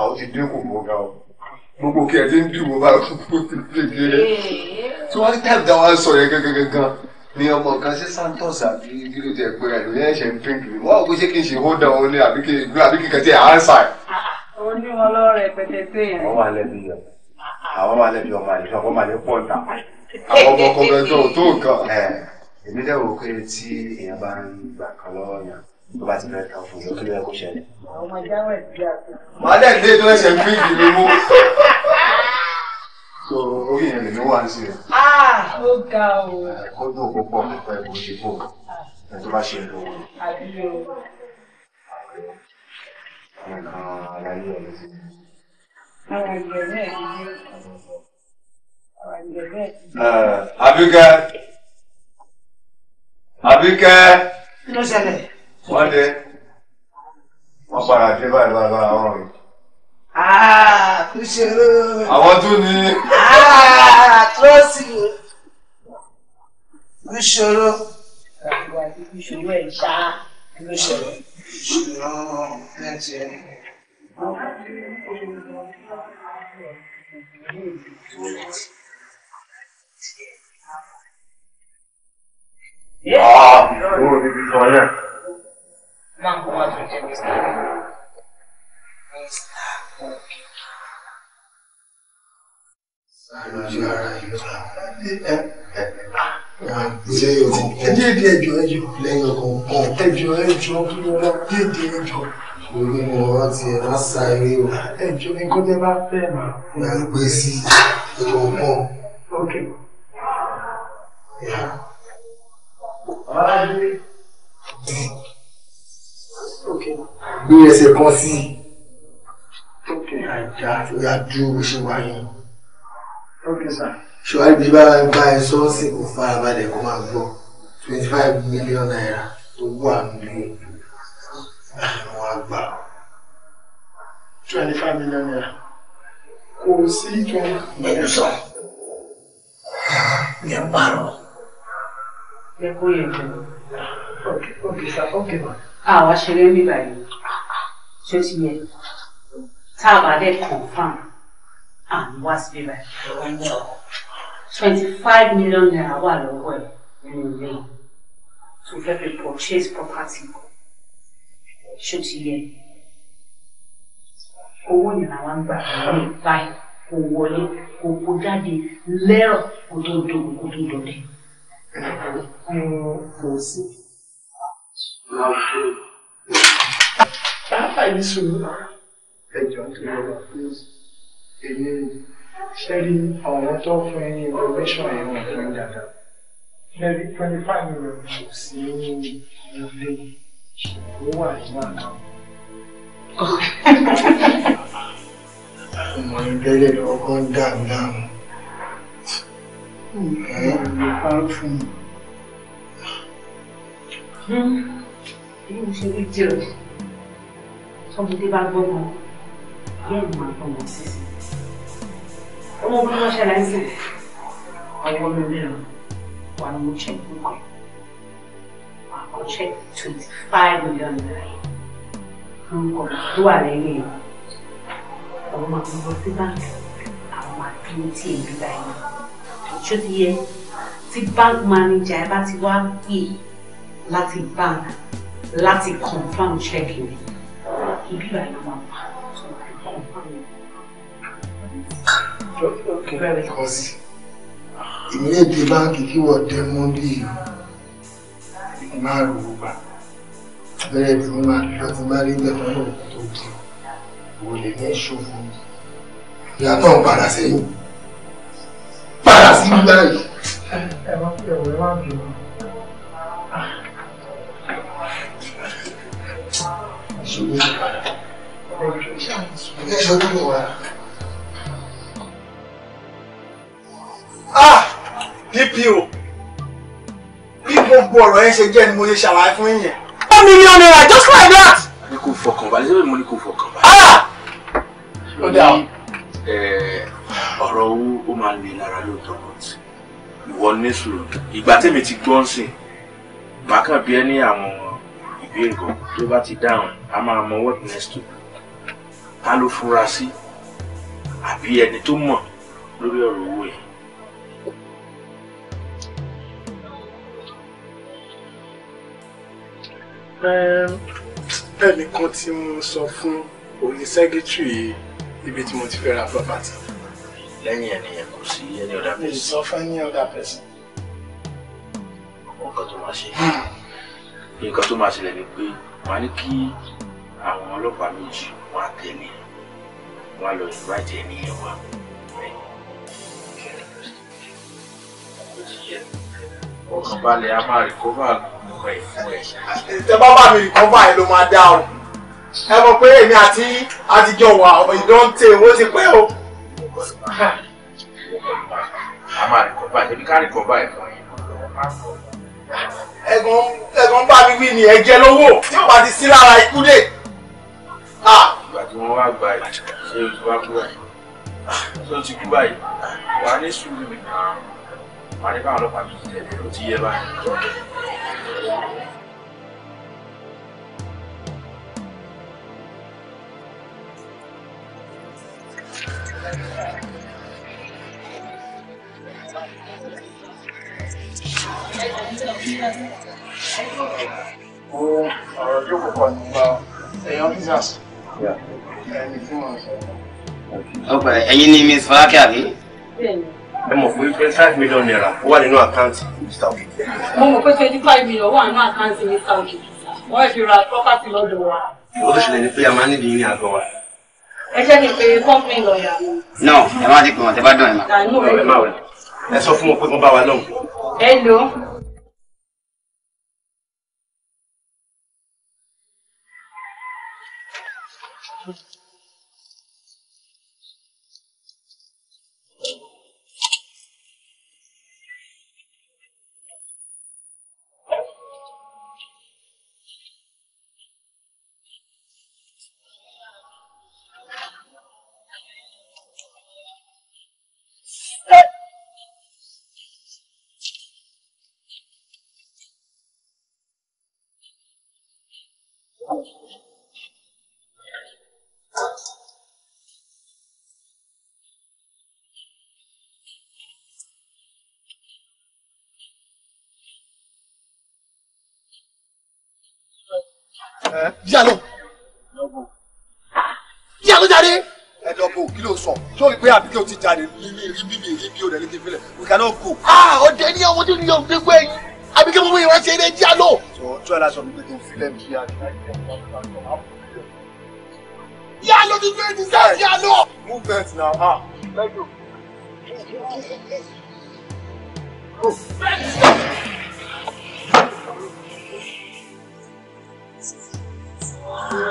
àwọn ti dínkù bó ga o gbogbo kí ẹ ti ń dìbò bá gbogbo ti lè gbére tí wọ́n tẹ̀ dá wa sọ yẹn gẹ́gẹ́gẹ́gán ni ọmọ kan sí Santos àbí kíló tiẹ̀ pé ẹ̀ lóyún ẹ̀ṣẹ̀ ń pín kiri wọ́n kò ṣe kí n ṣe hold on ní àbí kí kẹ̀kẹ́ àánsà. òun ní wọn lọ rẹ pẹtẹtẹ yẹn. wọ́n máa lẹ́bi yẹn àwọn máa lẹ́bi ọmọ àlè fún ọmọ àlè pọ̀ ta àwọn ọmọ kọ̀ọ̀kan tó nǹkan èmi dẹ̀ wò pé tí èèyàn bá ń gbà kan lọ́wọ́ yàn tó bá ti mẹ́ta fún ìjọ kí ló yẹ kó ṣẹlẹ̀. àwọn ìdáhùn ẹ̀ ti yà sí. màá dẹ̀ dé tó ẹsẹ̀ fún ìdílé mú. tó orí yẹn lèmi wà ń sè. Ah, ó ga o. kó dùn kó pọ̀ nípa ẹ̀bùn ìdìbò ẹ̀ tó bá ṣe ìlú wọn. àbíyọ. nǹkan aláyé ẹ̀ ló ti ní. àwọn àgbẹ̀ bẹ́ẹ̀ ti dé. àwọn àgbẹ̀ bẹ́ẹ̀ ti dé. Abigail àbíkẹ́. kí ló ṣẹlẹ̀. wọ́n dé wọ́n padà dé báyìí lára ọ̀rọ̀ rẹ̀. kò ṣòro. àwọn tún ní. tó sì kò ṣòro. kò ṣòro ẹ̀ ṣá kí ẹjọ ẹjọ lẹ́yìn kọ̀ọ̀kan ẹjọ ẹjọ kí ló lọ dédé ẹjọ. orí mo rántí ẹ má sáré o. ẹjọ ni kó tẹ bá fẹ́ mà. ìyá ń gbé sí ẹjọ kan. ok. ọ̀làdé. ok. bí ẹsẹ̀ kan sí. ok. ajá ìyá dúró bó ṣe wáyé. ok sir. ṣùgbọ́n ibi bá ń bá ẹ sọ́ọ́sì kò fara balẹ̀ kó máa gbọ́ twenty five million naira tó wà nílé àwọn àgbà. twenty five million naira kò sí twenty. bẹ́ẹ̀ sọ yẹn pààrọ̀. ẹ kó yẹ kí ni òkè sá òkè mọ. àwa ṣeré ní báyìí ṣé ó ti yẹ tá a bá dẹ̀ confam àmì wá síbí báyìí. twenty five million naira wà lọ́wọ́ ẹ̀ nínú ilé yìí to so help purchase property ṣó ti yẹ owó yẹn làwọn ń gbà wọlé báyìí kò wọlé kò kó jáde lẹ́rọ̀ kó tó dogo kó tó dọ̀dẹ. kò sí. bàbá yìí sọ̀rọ̀ ẹ̀jọ̀ tó lọ wà fún èmi ṣẹ́rí àwọn information yẹn wọ̀n fún yín dáadáa lẹ́rí twenty five million kò sí ilé ó wà nínú àkàwọn. ọmọ ìbẹ̀rẹ̀ ọgbọ́n dà láàmú. ẹ̀ẹ́dẹ̀ẹ́dẹ̀ parọ́ fún mi. bí mo ṣe rí díẹ̀ tọ́mọdé bá gbọ́mọ yẹ́ ìmọ̀ àtọmọ sísè ọmọ ogun ló ṣẹlẹ̀ ń sìn ọwọ́ lórí ẹ̀rọ wà ní mo check book ẹ̀ wà á check twenty five million naira orúkọ tó wà lẹ́yìn ẹ̀ àwọn máa ń lọ sí báńkì àwọn máa dúró tí èmi bá yẹn bank manager ẹ bá ti wá pè bank láti confirm check mi ibi báyìí ló máa Okay. Very cozy èmi lè dé báńkì kí wọ́n dẹ mú bíi márùn-ún gbà abẹ́rẹ́ tí mo máa lọ ti máa rí gbẹ̀fọ́ náà tó di wò lè ní ìṣòfò ìyàtọ̀ ń padà sẹ́yìn padà sí báyìí. ẹ má fi ọ̀rọ̀ ẹ má fi ọ̀rọ̀. ìṣòro ìpadà. ẹ ṣe ọdún mẹ́wàá. bí o bí gbogbo ọ̀rọ̀ yẹn ṣe jẹ́ ni mo ṣe ṣàlàyé fún yín yẹn. one million naira just like that. a ní kò fọkàn balẹ̀ sẹ́wọ̀n mo ní kò fọkàn balẹ̀. Ah! ó dà o. Eh, ọ̀rọ̀ owó ó máa ń le lára lóòótọ́ but ìwọ ní sùúrù ìgbà tèmi ti gbọ́n sí i màá kàn bí ẹ ní àwọn ìbéèrè kan tó bá ti dáhùn a máa mọ what next to ta ló fura sí àbí ẹni tó mọ̀ lórí ọ̀rọ̀ owó yẹn. ẹnìkan tí mo sọ fún òní sẹ́gítírì ibi tí mo ti fẹ́ ra property. lẹ́yìn ẹni yẹn kò sí ẹni ọ̀dà pẹ̀sì. mi sọ fún ẹni ọ̀dà pẹ̀sì. nǹkan tó máa ṣe nǹkan tó máa ṣẹlẹ̀ ni pé wàá ní kí àwọn ọlọ́pàá méjì wá tẹ̀lé wá lọ ìwádìí ẹni yẹn ọkàn balẹ̀ a máa rìkọ́fà lọ nǹkan ẹ̀ fún ẹ. tẹ bá bá mi rìkọ́fà ẹ ló máa dá o ẹ mọ̀ pé èmi àti àtijọ́ wà ìdọ́ǹtẹ̀ owó ti pẹ́ o. a máa rìkọ́fà ẹ̀ ṣe bí ká rìkọ́fà ẹ̀ fún yín. ẹ̀gbọ́n ẹ̀gbọ́n bá mi wí ni ẹ jẹ lówó tí ó bá ti sí lára ikú dé. ìgbà tí wọ́n wá gba ẹ̀ ṣé o ti wá kú ẹ̀ ṣé o ti kú báyìí wà á ní sùúrù mi máa ní káwọn ọlọ́pàá fi tẹ̀lé ló ti ẹ mọ̀ pé twenty five million naira wà nínú àkáǹtì Mr. Okiki. mo mọ̀ pé twenty five million wà nínú àkáǹtì Mr. Okiki wọ́n fi ra property lọ́dọ̀ wa. ó ti ṣẹlẹ̀ ní pé a máa nídìí ní àgọ́ wa. ẹ jẹ́ kí n pe company lọ́ọ̀yà mi. náà ẹ má dín kùn ọ̀tẹ́ bá dùn ẹ̀ mà. ẹ má wẹ̀ ẹ sọ fún wọn pé kó bá wa lọ́hùn. ẹ lò ó. yà lọ yà lọ jáde. ẹ dọ́bù kí ló sọ sórí pé àbíkẹ́ o ti jáde mímí rí mímí rí bí o rẹ̀ ní ti we cannot go. a ah, ọ̀dẹ ní ọmọdé ní ọmọ gbégbé yìí àbíkẹ́ mọ́mọ́ yẹn wá ṣe eré yà lọ. sọ tí wàá lásán mi pé kí n filẹ̀ mi yà lọ. ti fẹ́ẹ́ ti sẹ́ yà lọ. movement na ah. Thank you. Oh.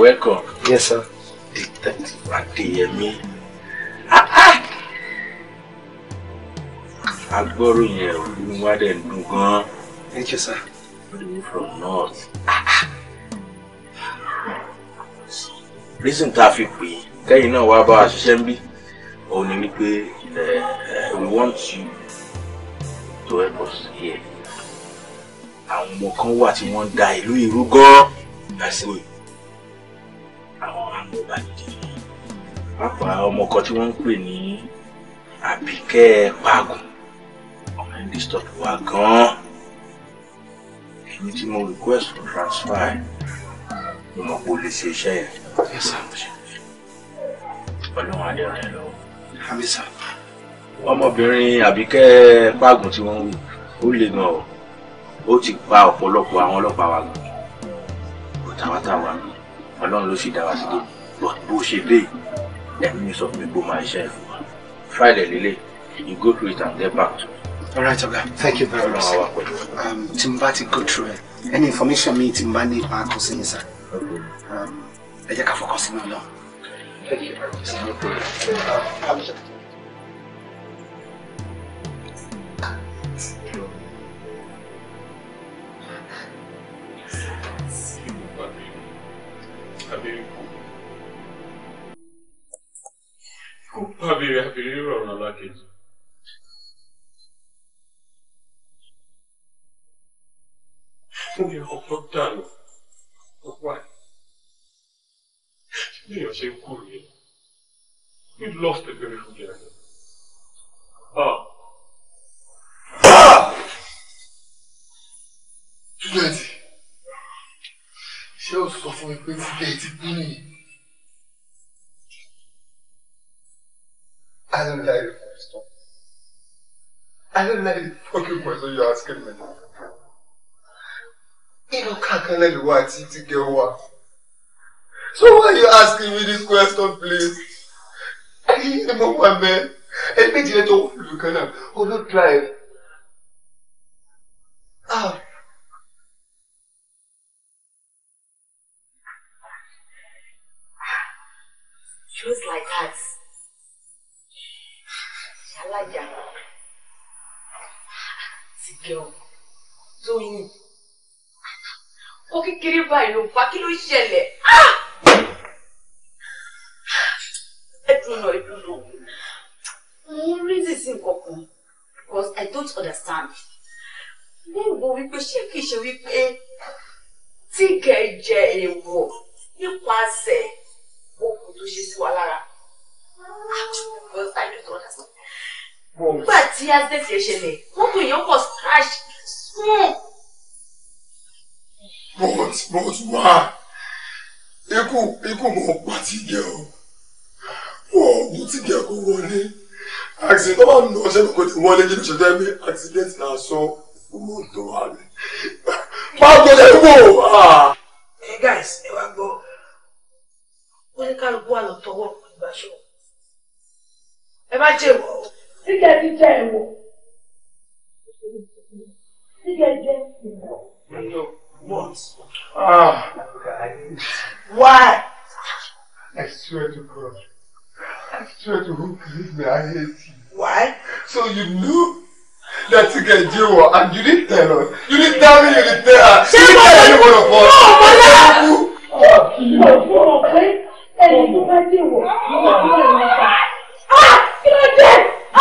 welcome. Yes, sir. Detective Adeyemi. Ah, ah! Agbọ́rò yẹn ò ní wá dẹ̀ ń Thank you, sir. Coming from north. Ah, ah! Reason tá a fi pè é kẹ́yìn náà wá bá a ṣiṣẹ́ ń bí òun we want you to help us here. And we kan wà tí wọ́n ń da ìlú ìrú gan kan tí wọ́n ń pè ní Àbíkẹ́ Pàgùn ọmọ English tó ti gan-an èmi tí mo request for transfer ẹ̀ mo mọ̀ pé o lè ṣe iṣẹ́ yẹn. ọlọ́run adé rẹ̀ lọ́wọ́. ọmọbìnrin Àbíkẹ́ Pàgùn tí wọ́n ń wù ó lè nà ọ́ ó ti pa ọ̀pọ̀lọpọ̀ àwọn ọlọ́pàá wa gan kò táwa táwa ọlọ́run ló sì dá wa sílé bó ṣe dé ẹ̀mí mi sọ fún mi pé ó máa ṣe you go through it and get back to me. all right oga okay. thank you very much um, tí n bá ti go through it any information mi tí n bá ní máa kó sí mi sir um, ẹ jẹ́ ká fọkàn sí mi lọ. thank you very much sir. Àbèrè àbèrè rọrùn alákejì. Mo yẹ ọkọ dànù, ọkọ àyè. Bí èèyàn ṣe ń kú rèé, he lost a beautiful girl. Ah. Ah! Túbẹ̀tì, ṣé o sọ fún mi pé tíkẹ́ẹ̀tì kú nìyí? I don't like the question. I don't like the fucking question you're asking me. Inú kankan náà lè wá àti ti gẹ̀ wá. So why are you asking me this question, please? Ayé ni mo wà mẹ́. Ẹni méjì lẹ́tọ̀ wọ́n lù kan náà. Olú drive. Ah. báyìí ló pa kí ló ṣẹlẹ̀ ah! ẹdùnà ìdùnà mo ń rí sísìn kankan because I don't understand mo ń wo wípé ṣé kìí ṣe wípé tí kẹ jẹ èèwọ̀ nípasẹ̀ okùn tó ṣe sí wa lára ah! because I don't understand. nígbà tí azẹ́fì ṣẹlẹ̀ mọ́tò yẹn kọ̀ crash small but but wá ikú ikú mọ̀ pa ti jẹ o wọ oògùn ti jẹ kó wọlé accident tó bá ń lọ ṣẹ́gun kò ti wọlé kí ló ṣe fẹ́ mi accident náà sọ kúrò tó wà ní. má gbọ́dọ̀ ẹ wò. ẹ ah! guys ẹ wá gbọ́ ó ní kálukú wà lọ tọwọ́ ìgbàṣọ ẹ má jẹ wọ. jíjẹ jíjẹ ẹ wò jíjẹ jẹ ìwọ. What? Ah. Why? I swear to God. I swear to who created me, I hate you. Why? So you knew that you get Jewa and you didn't tell us. You didn't tell me, you didn't tell her. You didn't tell any one of us. No, Mama! Oh, you okay? Ẹni tó bá dé wọ̀, mo máa ń bẹ̀rẹ̀ nípa. Ah! Kí ló dé? Ah!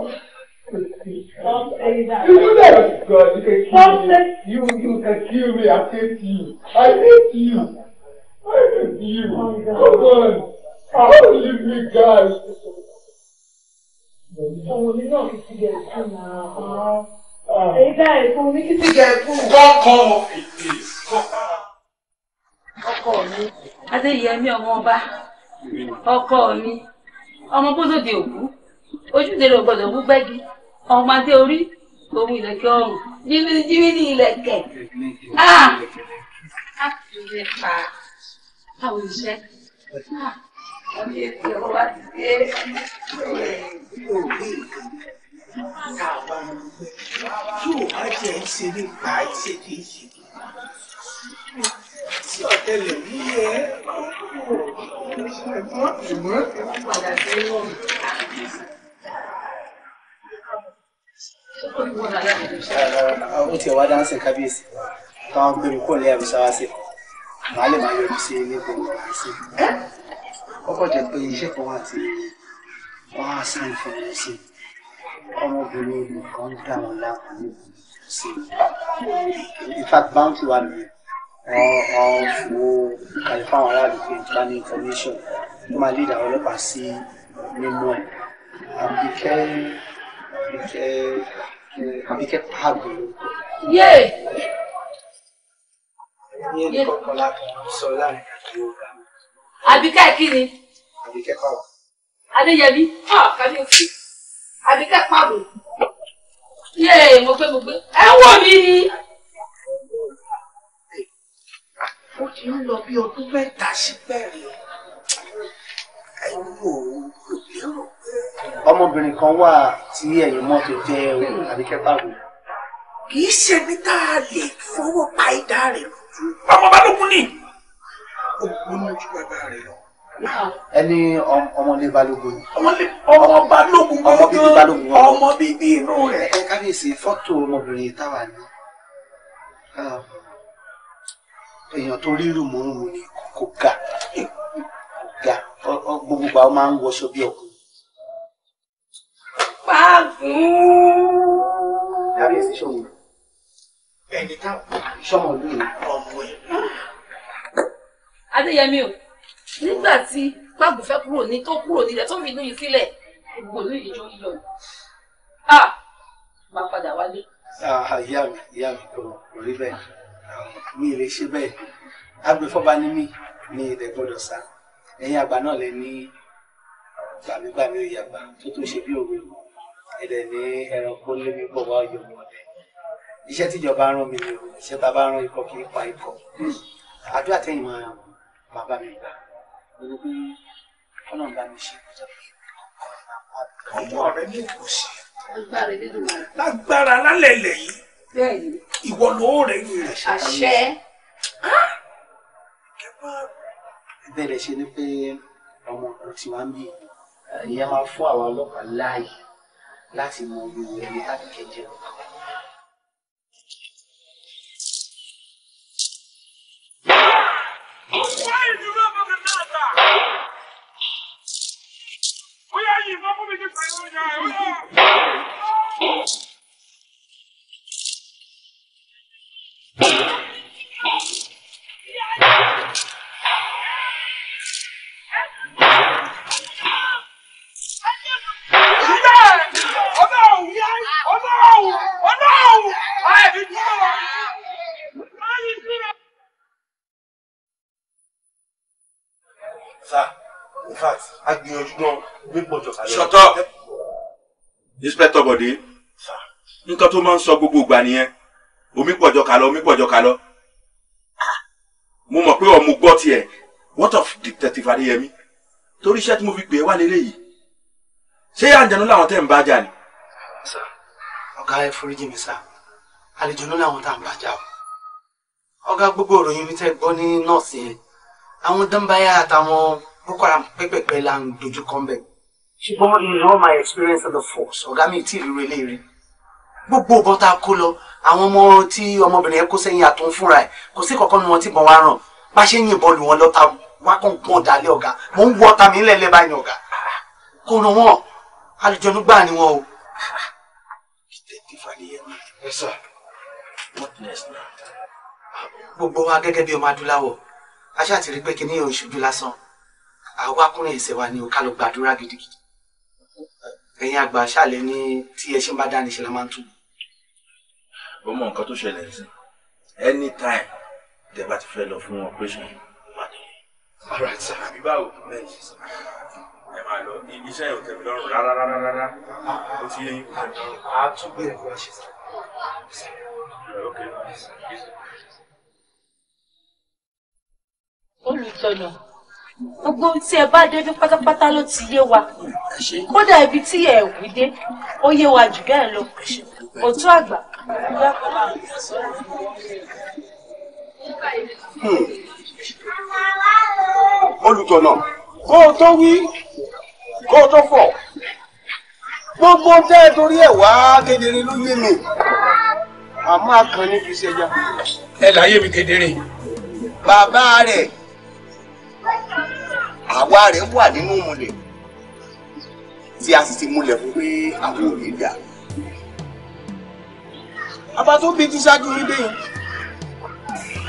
Ah! Stop saying that. You know God, you can kill me. you, you can kill me. I hate you. I hate you. I hate you. Oh, Come on. How will you be, guys? Òun ni náà kìí jẹ fún un. Èyí dá ẹ̀fún ní kìí jẹ fún un. Welcome of it is. Ọkọ mi. Adéyẹmí ọmọ ọba. Ọkọ mi. Ọmọ bódòdì òkú. Ojúde ló gbọdọ̀ gbúgbẹ́gi ọmọdé orí ohun ìlẹ̀kẹ̀ ọrùn jíríjírí ní ìlẹ̀kẹ̀ láti pa àwọn iṣẹ́ ọmọ ètò ọba ti dé yóò wá jẹ́ ìṣe nípa ìṣe kì í ṣe tí ọ̀tẹlẹ̀ yí ẹ ṣùgbọ́n ìmọ̀ ìpadà tẹ́lọ̀. Eh, ó tiẹ̀ wá dáńsẹ̀ kábíyèsí táwọn gbé mi kó lé àbíṣà wá sí màá lè máa yọjú sí ilé ìgbòho wá sí ó kọ̀ jẹ́ pé iṣẹ́ kan wà tí wọ́n á sáyìn fún mi sí ọmọbìnrin nìkan dà wọ́n láàpọ̀ níbi sí in fact báńkì wà nìyẹn wọ́n fò kàlífàwọn aráàlú pé nípa ní information tó máa lead àwọn ọlọ́pàá sí mímú ẹ̀ àbíkẹ́ jẹ́ àbíkẹ́ páàgì lóko. yé yé kọ̀ọ̀kan láti sọ láàrin àti yorùbá. àbíkẹ́ kí ni. àbíkẹ́ páàgì. adéyẹmí ọ̀ ah, kábíyèsí àbíkẹ́ páàgì. yé mo gbé mo gbé ẹ wò mí ni. ó ti ń lọ bí ọdún mẹ́ta sí pẹ́ẹ́rẹ́ ọmọbìnrin kan wà tí ẹ̀yin mọ́tò jẹ́ òun àbíkẹ́ báwo. kì í ṣe bí tá a lè fọwọ́ pa ìdá rẹ̀ lójú. ọmọ balógun ni. ó gbóná ju bàbá rẹ̀ lọ. ẹni ọmọlé balógun ni. ọmọlé ọmọ balógun gangan ọmọ bíbí inú rẹ̀. ẹ kábíyèsí fọ́tò ọmọbìnrin táwa ní. Um, èèyàn tó rí rùmọ̀rùmọ̀ ni kò ga kò ga gbogbo àwọn máa ń wọṣọ bí ọkùnrin. pàgùn. kábíyèsí ṣòwò ẹni táwọn ìṣọmọ lónìí ọmọ ẹ. adéyẹmí o nígbà tí pàgùn fẹ́ kúrò ní tó kúrò nílẹ̀ tó fi inú yìí sílẹ̀ gbogbo ìlú ìjọ yíyọ ah máa padà wálé. ìyá mi ìyá mi kò rí bẹ́ẹ̀ mi ì lè ṣe bẹ́ẹ̀ agbèfọ́ba ni mí mi ì lè gbọ́dọ̀ sá ẹ̀yin àgbà náà lè ní gbàmígbàmí òye àgbà tó tó ṣe bí òwe ẹ̀dẹ̀ ní ẹranko lémi pọ̀ wá ọyọ ọmọdé iṣẹ́ tíjọba rán mi ni o iṣẹ́ bàbá rán ikọ̀ kì í pa ikọ̀ àdúrà àtẹ̀yìn máa bàbá mi gbà lórí pé ọ̀nà ń bá mi ṣe kọjá ọmọ rẹ ní kò lágbára lálẹ́ ilẹ̀ yìí ìwọ ló rẹ̀ yìí àṣẹ bẹ́ẹ̀ lẹ ṣe ni pé ọmọ ọ̀rọ̀ tí wàá bí ìyẹn máa fún àwọn ọlọ́pàá láàyè láti mọ ibi ẹni láti kẹjẹ ọkọ. Yeah, you fuck with me, you fuck with me, tó máa ń sọ gbogbo ìgbà nìyẹn omi pọ̀jọ kà omi pọ̀jọ kà mo mọ̀ pé ọmọ gbọ́ tiẹ̀ what of detective adéyẹmí torí iṣẹ́ tí mo fi pè é wá lélẹ́yìí ṣé àjẹnú làwọn tẹ̀ ń bá jà ni. sà ọ̀gá ẹ foríjì mi sà àlejò náà làwọn tá ń bá jà o ọ̀gá gbogbo ìròyìn mi tẹ́ gbọ́ ní nọ́ọ̀sì yẹn àwọn dánbáyà àtàwọn boko haram pẹ́pẹ́pẹ́ là ń dojú kọ́ ń ṣùgbọ́n in all my experience of the force ọ̀gá mi tí ì rí relé rí gbogbo ọ̀bọ̀n tá a kó lọ àwọn ọmọ tí ọmọbìnrin yẹn kó sẹ́yìn àtún fúnra ẹ̀ kò sí kankan nu wọn tí bọ́n wá ràn bá ṣe ń yìnbọn lù wọn lọ́ta wá kàn gbọ́n dalẹ̀ ọ̀gá mò ń wọ ọta mi ńlẹ̀lẹ̀ báyìí ọ̀gá kò ràn wọ́n àlùjọ̀nnú gbà ni wọn o. gbogbo wa gẹ́gẹ́ bí ọmọ adúláwọ̀ a ṣáà rí pé kìnìún yóò ṣojú lásán àwa kúnrin ẹ̀ṣẹ̀ wa ni o ká lọ gbàdúrà gidigidi ẹ̀yin àgbà ṣàlẹ̀ ní tí ẹ ṣe ń bá dáni ṣe la máa ń túbọ̀ ọmọ nǹkan tó ṣẹlẹ̀ sí anytime tẹ bá ti fẹ́ lọ fún operation yìí pàdé. ara ti àbí báwo bẹ́ẹ̀ ni ẹ máa lọ iṣẹ́ yóò tẹ̀mí lọ́rùn rárá rárá rárá ó ti yẹ yín kó tẹ̀mí lọ́rùn. ṣe sáré. olùtọ́nà gbogbo tí ẹ bá dé bí pátápátá ló ti yé wa kódà ibi tí ẹ wí dé ó yé wa jù bẹ́ẹ̀ lọ òtún àgbà. Hmm. olùtọ̀nà kó o tó wí kó o tó fọ̀ gbogbo tẹ́ ẹ torí ẹ̀ wá kedere ló yé mi àmọ́ akànnì kì í ṣẹja. ẹ láyé mi kedere. bàbá rẹ̀ àwa rẹ̀ wà nínú múlẹ̀ tí a sì ti múlẹ̀ fún pé àwọn ò ní dà. bàbá tó bí ti ṣáájú yín déyìn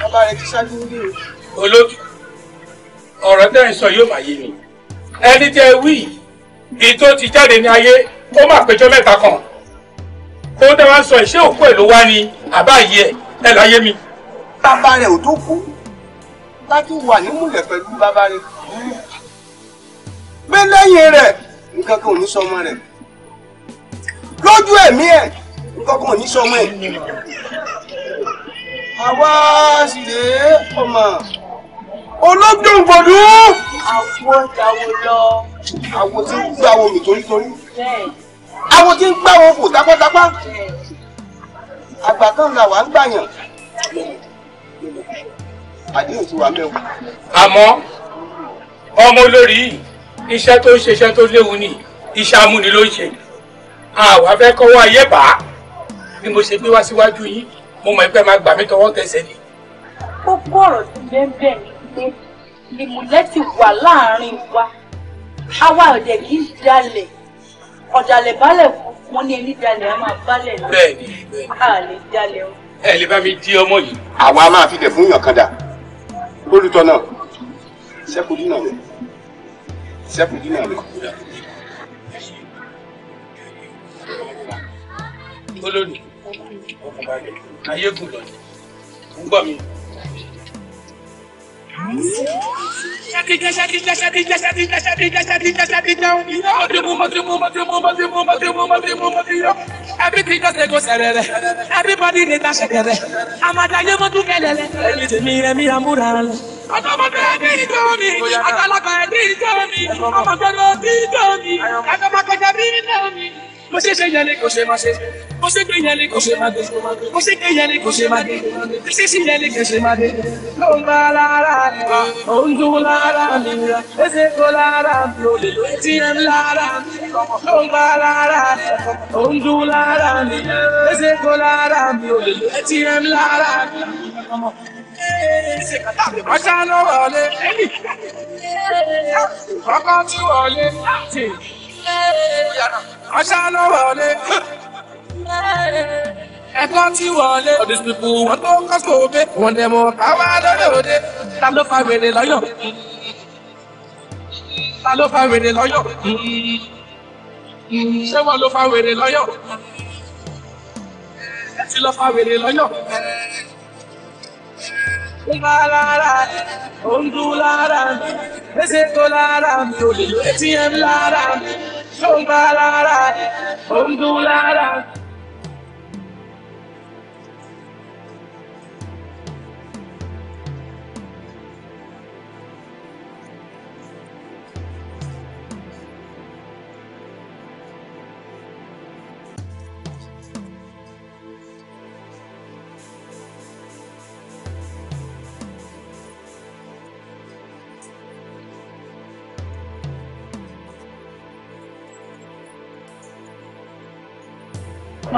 bàbá rẹ̀ ti ṣáájú yín déyìn. olójú ọ̀rọ̀ tẹ́ ń sọ yóò máa yé ni ẹni tẹ wí ètò ti jáde ní ayé ó máa péjọ mẹ́ta kan ó dá wa sọ ìṣe òkú ẹ̀ ló wá ní àbá yìí ẹ̀ ẹ̀ láyé mi. bàbá rẹ̀ ò tó kú láti wà nímúlẹ̀ pẹ̀lú bàbá rẹ̀ pé lẹ́yìn rẹ̀ nǹkan kan ò ní sọ ọmọ rẹ̀ lójú ẹ̀mí ẹ̀ nǹkan kan ò ní sọ ọmọ ẹ̀. àwa sì rèé ọmọ olóńgbò gbòdú. àwo ìyàwó lọ. àwo tí ń gbàwó mi torítorí. àwo tí ń gbàwó kò tápátápá. àgbà kan là wà ń gbàyàn. àdéhùn ti wà mẹ́wàá. àmọ́ ọmọ olórí yìí iṣẹ́ tó ṣe iṣẹ́ tó léwu ni iṣẹ́ amúni ló ń ṣe àwa fẹ́ kọ́wọ́ ayé bá bí mo ṣe gbé wá síwájú yín mo mọ̀ pé máa gbà mí tọwọ́ tẹsẹ̀ ni. kókó ọ̀rọ̀ tó bẹ́ẹ̀ bẹ́ẹ̀ ni pé ìmùlẹ̀ ti wà láàrin wa àwa ọ̀dẹ̀ kì í dalẹ̀ ọ̀dàlẹ̀ balẹ̀ wọn ní ẹni dalẹ̀ a máa balẹ̀ lọ. bẹ́ẹ̀ni bẹ́ẹ̀ni a lè dalẹ̀ o. ẹ lè bá mi di ọmọ yìí. àwa máa fi dẹ̀ fún yàn kan dà lólùtọ́ ṣẹ́kù dínà rẹ̀. Se a Pugina lè kúrò dà lómi. Olórí, ọkùnrin ayé Everything just go serere. Everybody need that serere. Amadaye mo tu kelele. Èmi tèmi rẹ̀ mi amúra lẹ̀. Ọ̀dọ́mọdé ẹbí ìjọ mi. Àgbàlagbà ẹbí ìjọ mi. Ọmọdé ló bí ìjọ mi. Àgbàlagbà ẹbí ìjọ mi mo ṣe ṣe yẹn ni kò ṣe máa ṣe mo ṣe gbé yẹn ni kò ṣe máa dé mo ṣe gbé yẹn ni kò ṣe máa dé mo ṣe ṣe yẹn ni kò ṣe máa dé. ló ń bá lára mi wá òun dún lára mi wá ẹsẹ̀ kó lára mi ò lè lóye tí ẹ̀ ń lára mi ló ń bá lára mi wá òun dún lára mi ẹsẹ̀ kó lára mi ò lè lóye tí ẹ̀ ń lára mi. ọjà ló wọlé ọkọ tí wọlé aṣáná wọlé ẹ̀kọ́ tí wọlé ọ̀dùn pípù wọn tó kọ́sọ̀ òbẹ́ wọn dẹ̀ mọ́ káwá lọ́dẹ̀ òde ta ló fa wèrè lọ́yọ̀ ta ló fa wèrè lọ́yọ̀ ṣé wọn ló fa wèrè lọ́yọ̀ ẹ ti lọ fa wèrè lọ́yọ̀ lára ó ń dún lára ẹsẹ̀ tó atm lára mi tó ń bá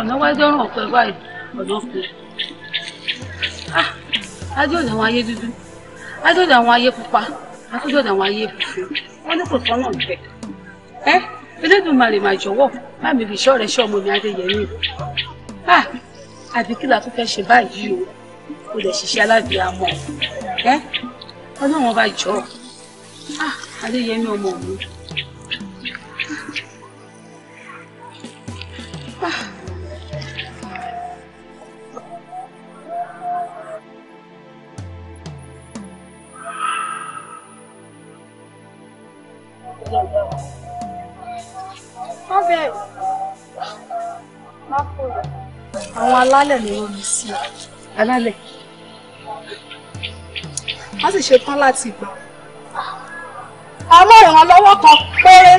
ọ̀nà wáyé tó ọ̀pẹ báyìí ọ̀nà kù. ajé òde àwọn ayé dúdú ajé òde àwọn ayé pupa ajé òde àwọn ayé funfun wọn ní kò sọ́nà bẹ̀. ẹ Elédùmarè máa jọ̀wọ́ báàmì fi ṣọ́ rẹ̀ ṣọ́ ọmọ mi Adéyẹmí. Ah, àbí kí la tún fẹ́ ṣe báyìí o kò lè ṣiṣẹ́ alábìá mọ́ ẹ ọlọ́run ọba jọ ah, Adéyẹmí ọmọ mi. Ah. àwọn alálẹ̀ ni rọ mi sí alálẹ̀. wọ́n sì ṣetán láti gbà. kan péré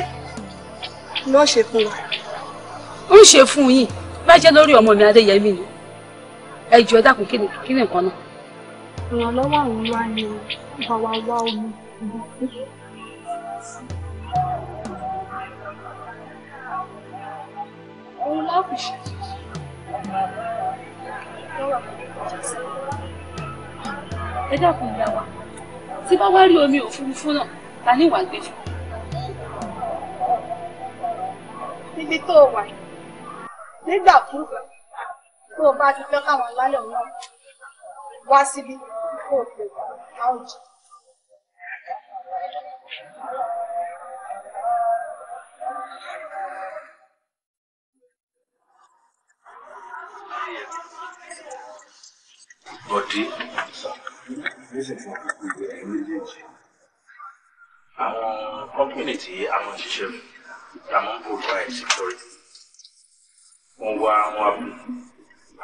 ló ṣe fún wa. ń ṣe fún yín bẹ́ẹ̀ jẹ́ lórí ọmọ mi adéyẹmí ni ẹ jù ẹ dákun kí ni nǹkan náà. ìrànlọ́wọ́ àwọn wa ni wá omi òun láàbù ṣe. ẹ dákun ìyá wa tí bá wá rí omi òfurufú náà ta ní ìwà gbé fún. níbi tó wà nígbà kúrò tó bá ti fẹ́ káwọn alálẹ̀ náà wá síbí kó o pè àwọn jù. Body. Àwọn kọ́mpìnì tí a máa ń ṣiṣẹ́ fún la máa ń provide security. Wọ́n wá àwọn abu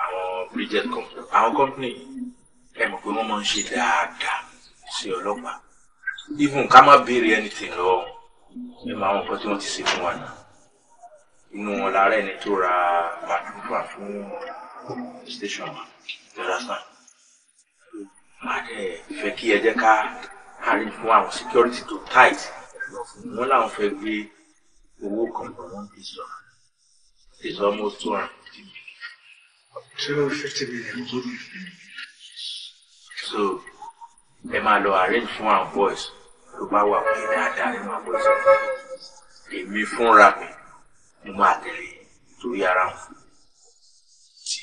àwọn bridget company. Àwọn kọ́mpìnì ẹ mọ̀ pé wọ́n máa ń ṣe dáadáa sí ọlọ́pàá. Even ká má béèrè anything lọ́wọ́ ẹ máa wọn nǹkan tí wọ́n ti ṣe fún wa náà. Inú wọn lára ẹni tó ra màdùnfà fún wọn station ma understand máa dẹ̀ fẹ́ kí ẹ jẹ́ ká arrange fún àwọn security to tight lọ fún wọn làwọn fẹ́ gbé owó kan for one piece of it's almost two hundred fifty million. two hundred fifty million so ẹ máa lọ arrange fún àwọn boys tó bá wà pé dáadáa nínú àwọn boys èmi fúnra mi mo máa tẹ̀lé torí ara wọn.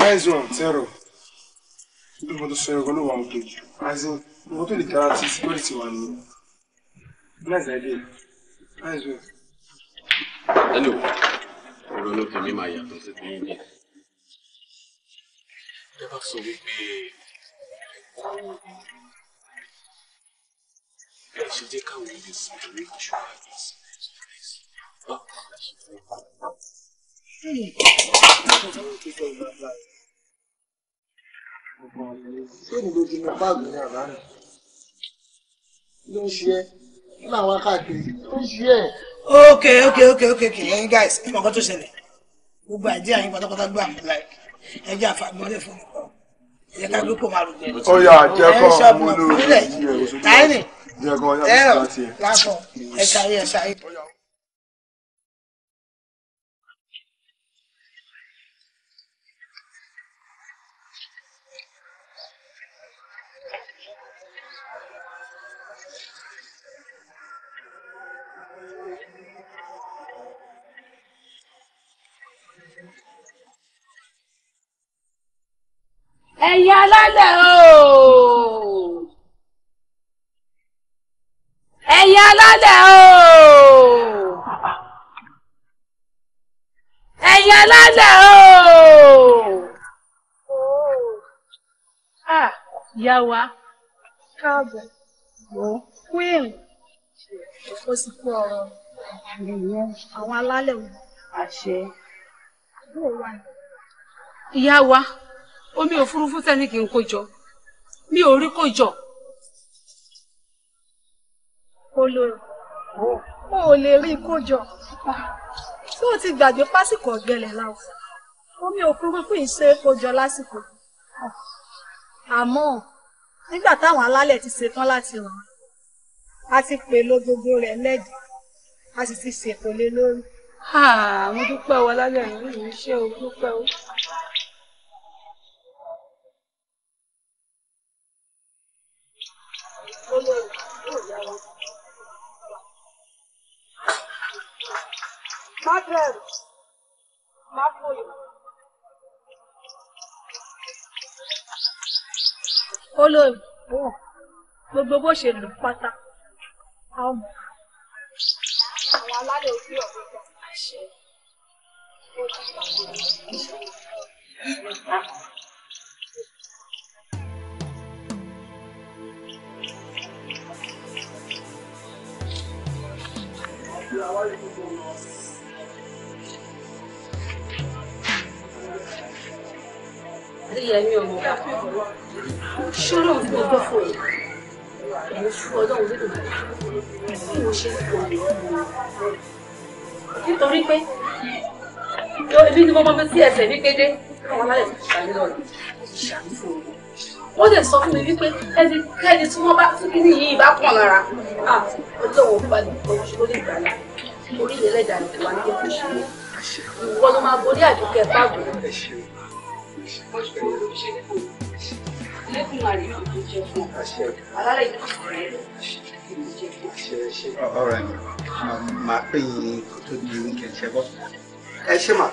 Mais um, zero. Eu vou deixar agora no alto. Mas eu vou ter literal de security one. Mas é dele. Mais um. Hello. Ọ̀rọ̀ ló fi mí máa yàtọ̀ sí ti yín. Ẹ bá sọ wípé ẹ ṣe jẹ́ káwọn ilé sùn lórí ìṣúra àti ìsinmi. Báwo ni a ṣe fẹ́? sóòdì ló ti mú báàgì ní àbáyé ló ń ṣe ẹ láwọn káàkiri ló ń ṣe ẹ. ok ok ok ok ok ẹyin guys ẹ mọ̀ kó tó ṣẹlẹ̀ gbogbo àìdí àyín pátápátá gbà mí láì ẹ jẹ́ àfàgbọ́lẹ̀ fún mi kọ́ ẹ ká gbé kó máa rògbò ẹ̀. ó yà jẹ́ kọ́ mo lò ó. táyìnì ẹ rọ láàbọ̀ ẹ ṣayé ẹ ṣayé. ẹ̀yin alálẹ̀ ooo ẹ̀yin alálẹ̀ ooo ẹ̀yin alálẹ̀ ooo ah ìyá wa káàbọ̀ queen ó sì kú ọ̀rọ̀ àwọn alálẹ̀ wo àṣẹ ìyá wa omi òfurufú tẹ́ni kì í kó jọ mi ò rí kó jọ. olórí o ò lè rí kó jọ tí o ti gbàgbé pásìkò ọ̀gbẹ́lẹ̀ láwùjọ omi òfurufú yìí ṣe é kó jọ lásìkò àmọ́ nígbà táwọn alálẹ̀ ti ṣetán láti ràn á ti pè lógógó rẹ̀ lẹ́dìí a sì ti ṣètò lé lórí. àwọn dúpẹ́ wọlé rẹ̀ ń ṣe òdúpẹ́ o. problem. Má fòyò. Olórí, gbogbo bó ṣe lù pátá, um, Àwọn alálẹ̀ ojú ọ̀gbìn kan Thank you. yẹmi ọmọ wa ṣọlọ ń gbọ́ gbọ́ fún yìí èmi fún ọlọ́run nínú bí mo ṣe ń pọ̀ nítorí pé ebi ni mo mọ bí tí ẹsẹ̀ mi kéde àwọn alálẹ̀ tó ṣàmì lọ́nà ṣàmì fún mi wọ́n lè sọ fún mi wípé ẹni kẹ́ni tí wọ́n bá tí kí nìyí bá pọ̀ lára ọlọ́wọ́ bá lè gbọ́ ṣó lè gbà lára orí ìlẹ́dàá ni wà ní ètò ìṣẹ̀lẹ̀ ìwọ ló máa borí àdúgbò ẹ̀ bá gbọ́ bọ́jú tó o ṣe ní kò lẹ́kùn máa rí òkú jẹ fún ọ alálẹ̀ ìlú kò rẹ̀ lọ. ọ̀rọ̀ ẹ̀ máa pè yín tó di oúnjẹ ṣẹ́gbọ́n ẹ ṣe máa.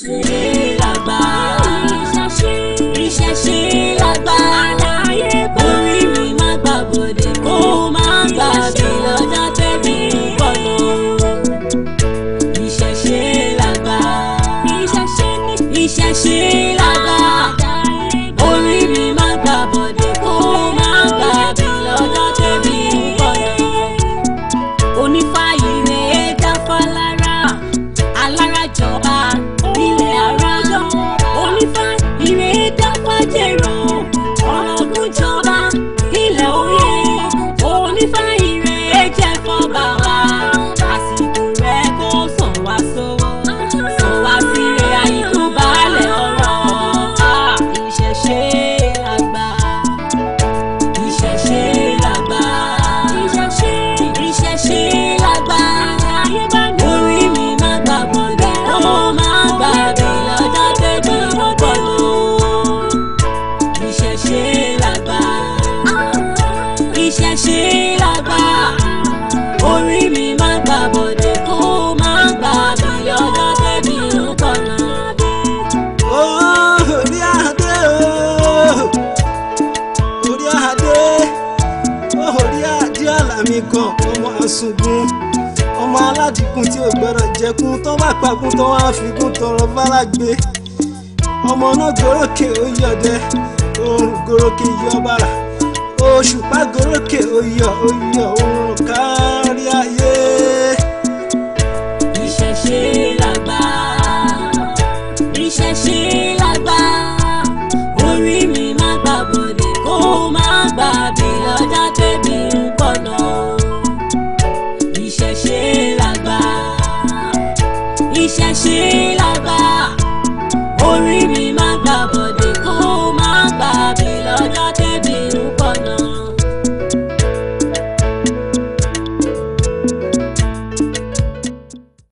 You. pàkún tó wá fikún tọrọ fálágbé ọmọ náà gòrókè ó yọdẹ oòrùn gòrókè yọ bàrà òṣùpá gòrókè ó yọ ó kárí ayé. ìṣẹ̀ṣe làgbà ìṣẹ̀ṣe làgbà orí mi má gbàbọ̀dẹ̀ kó má gbàbẹ̀. ṣe lágbára.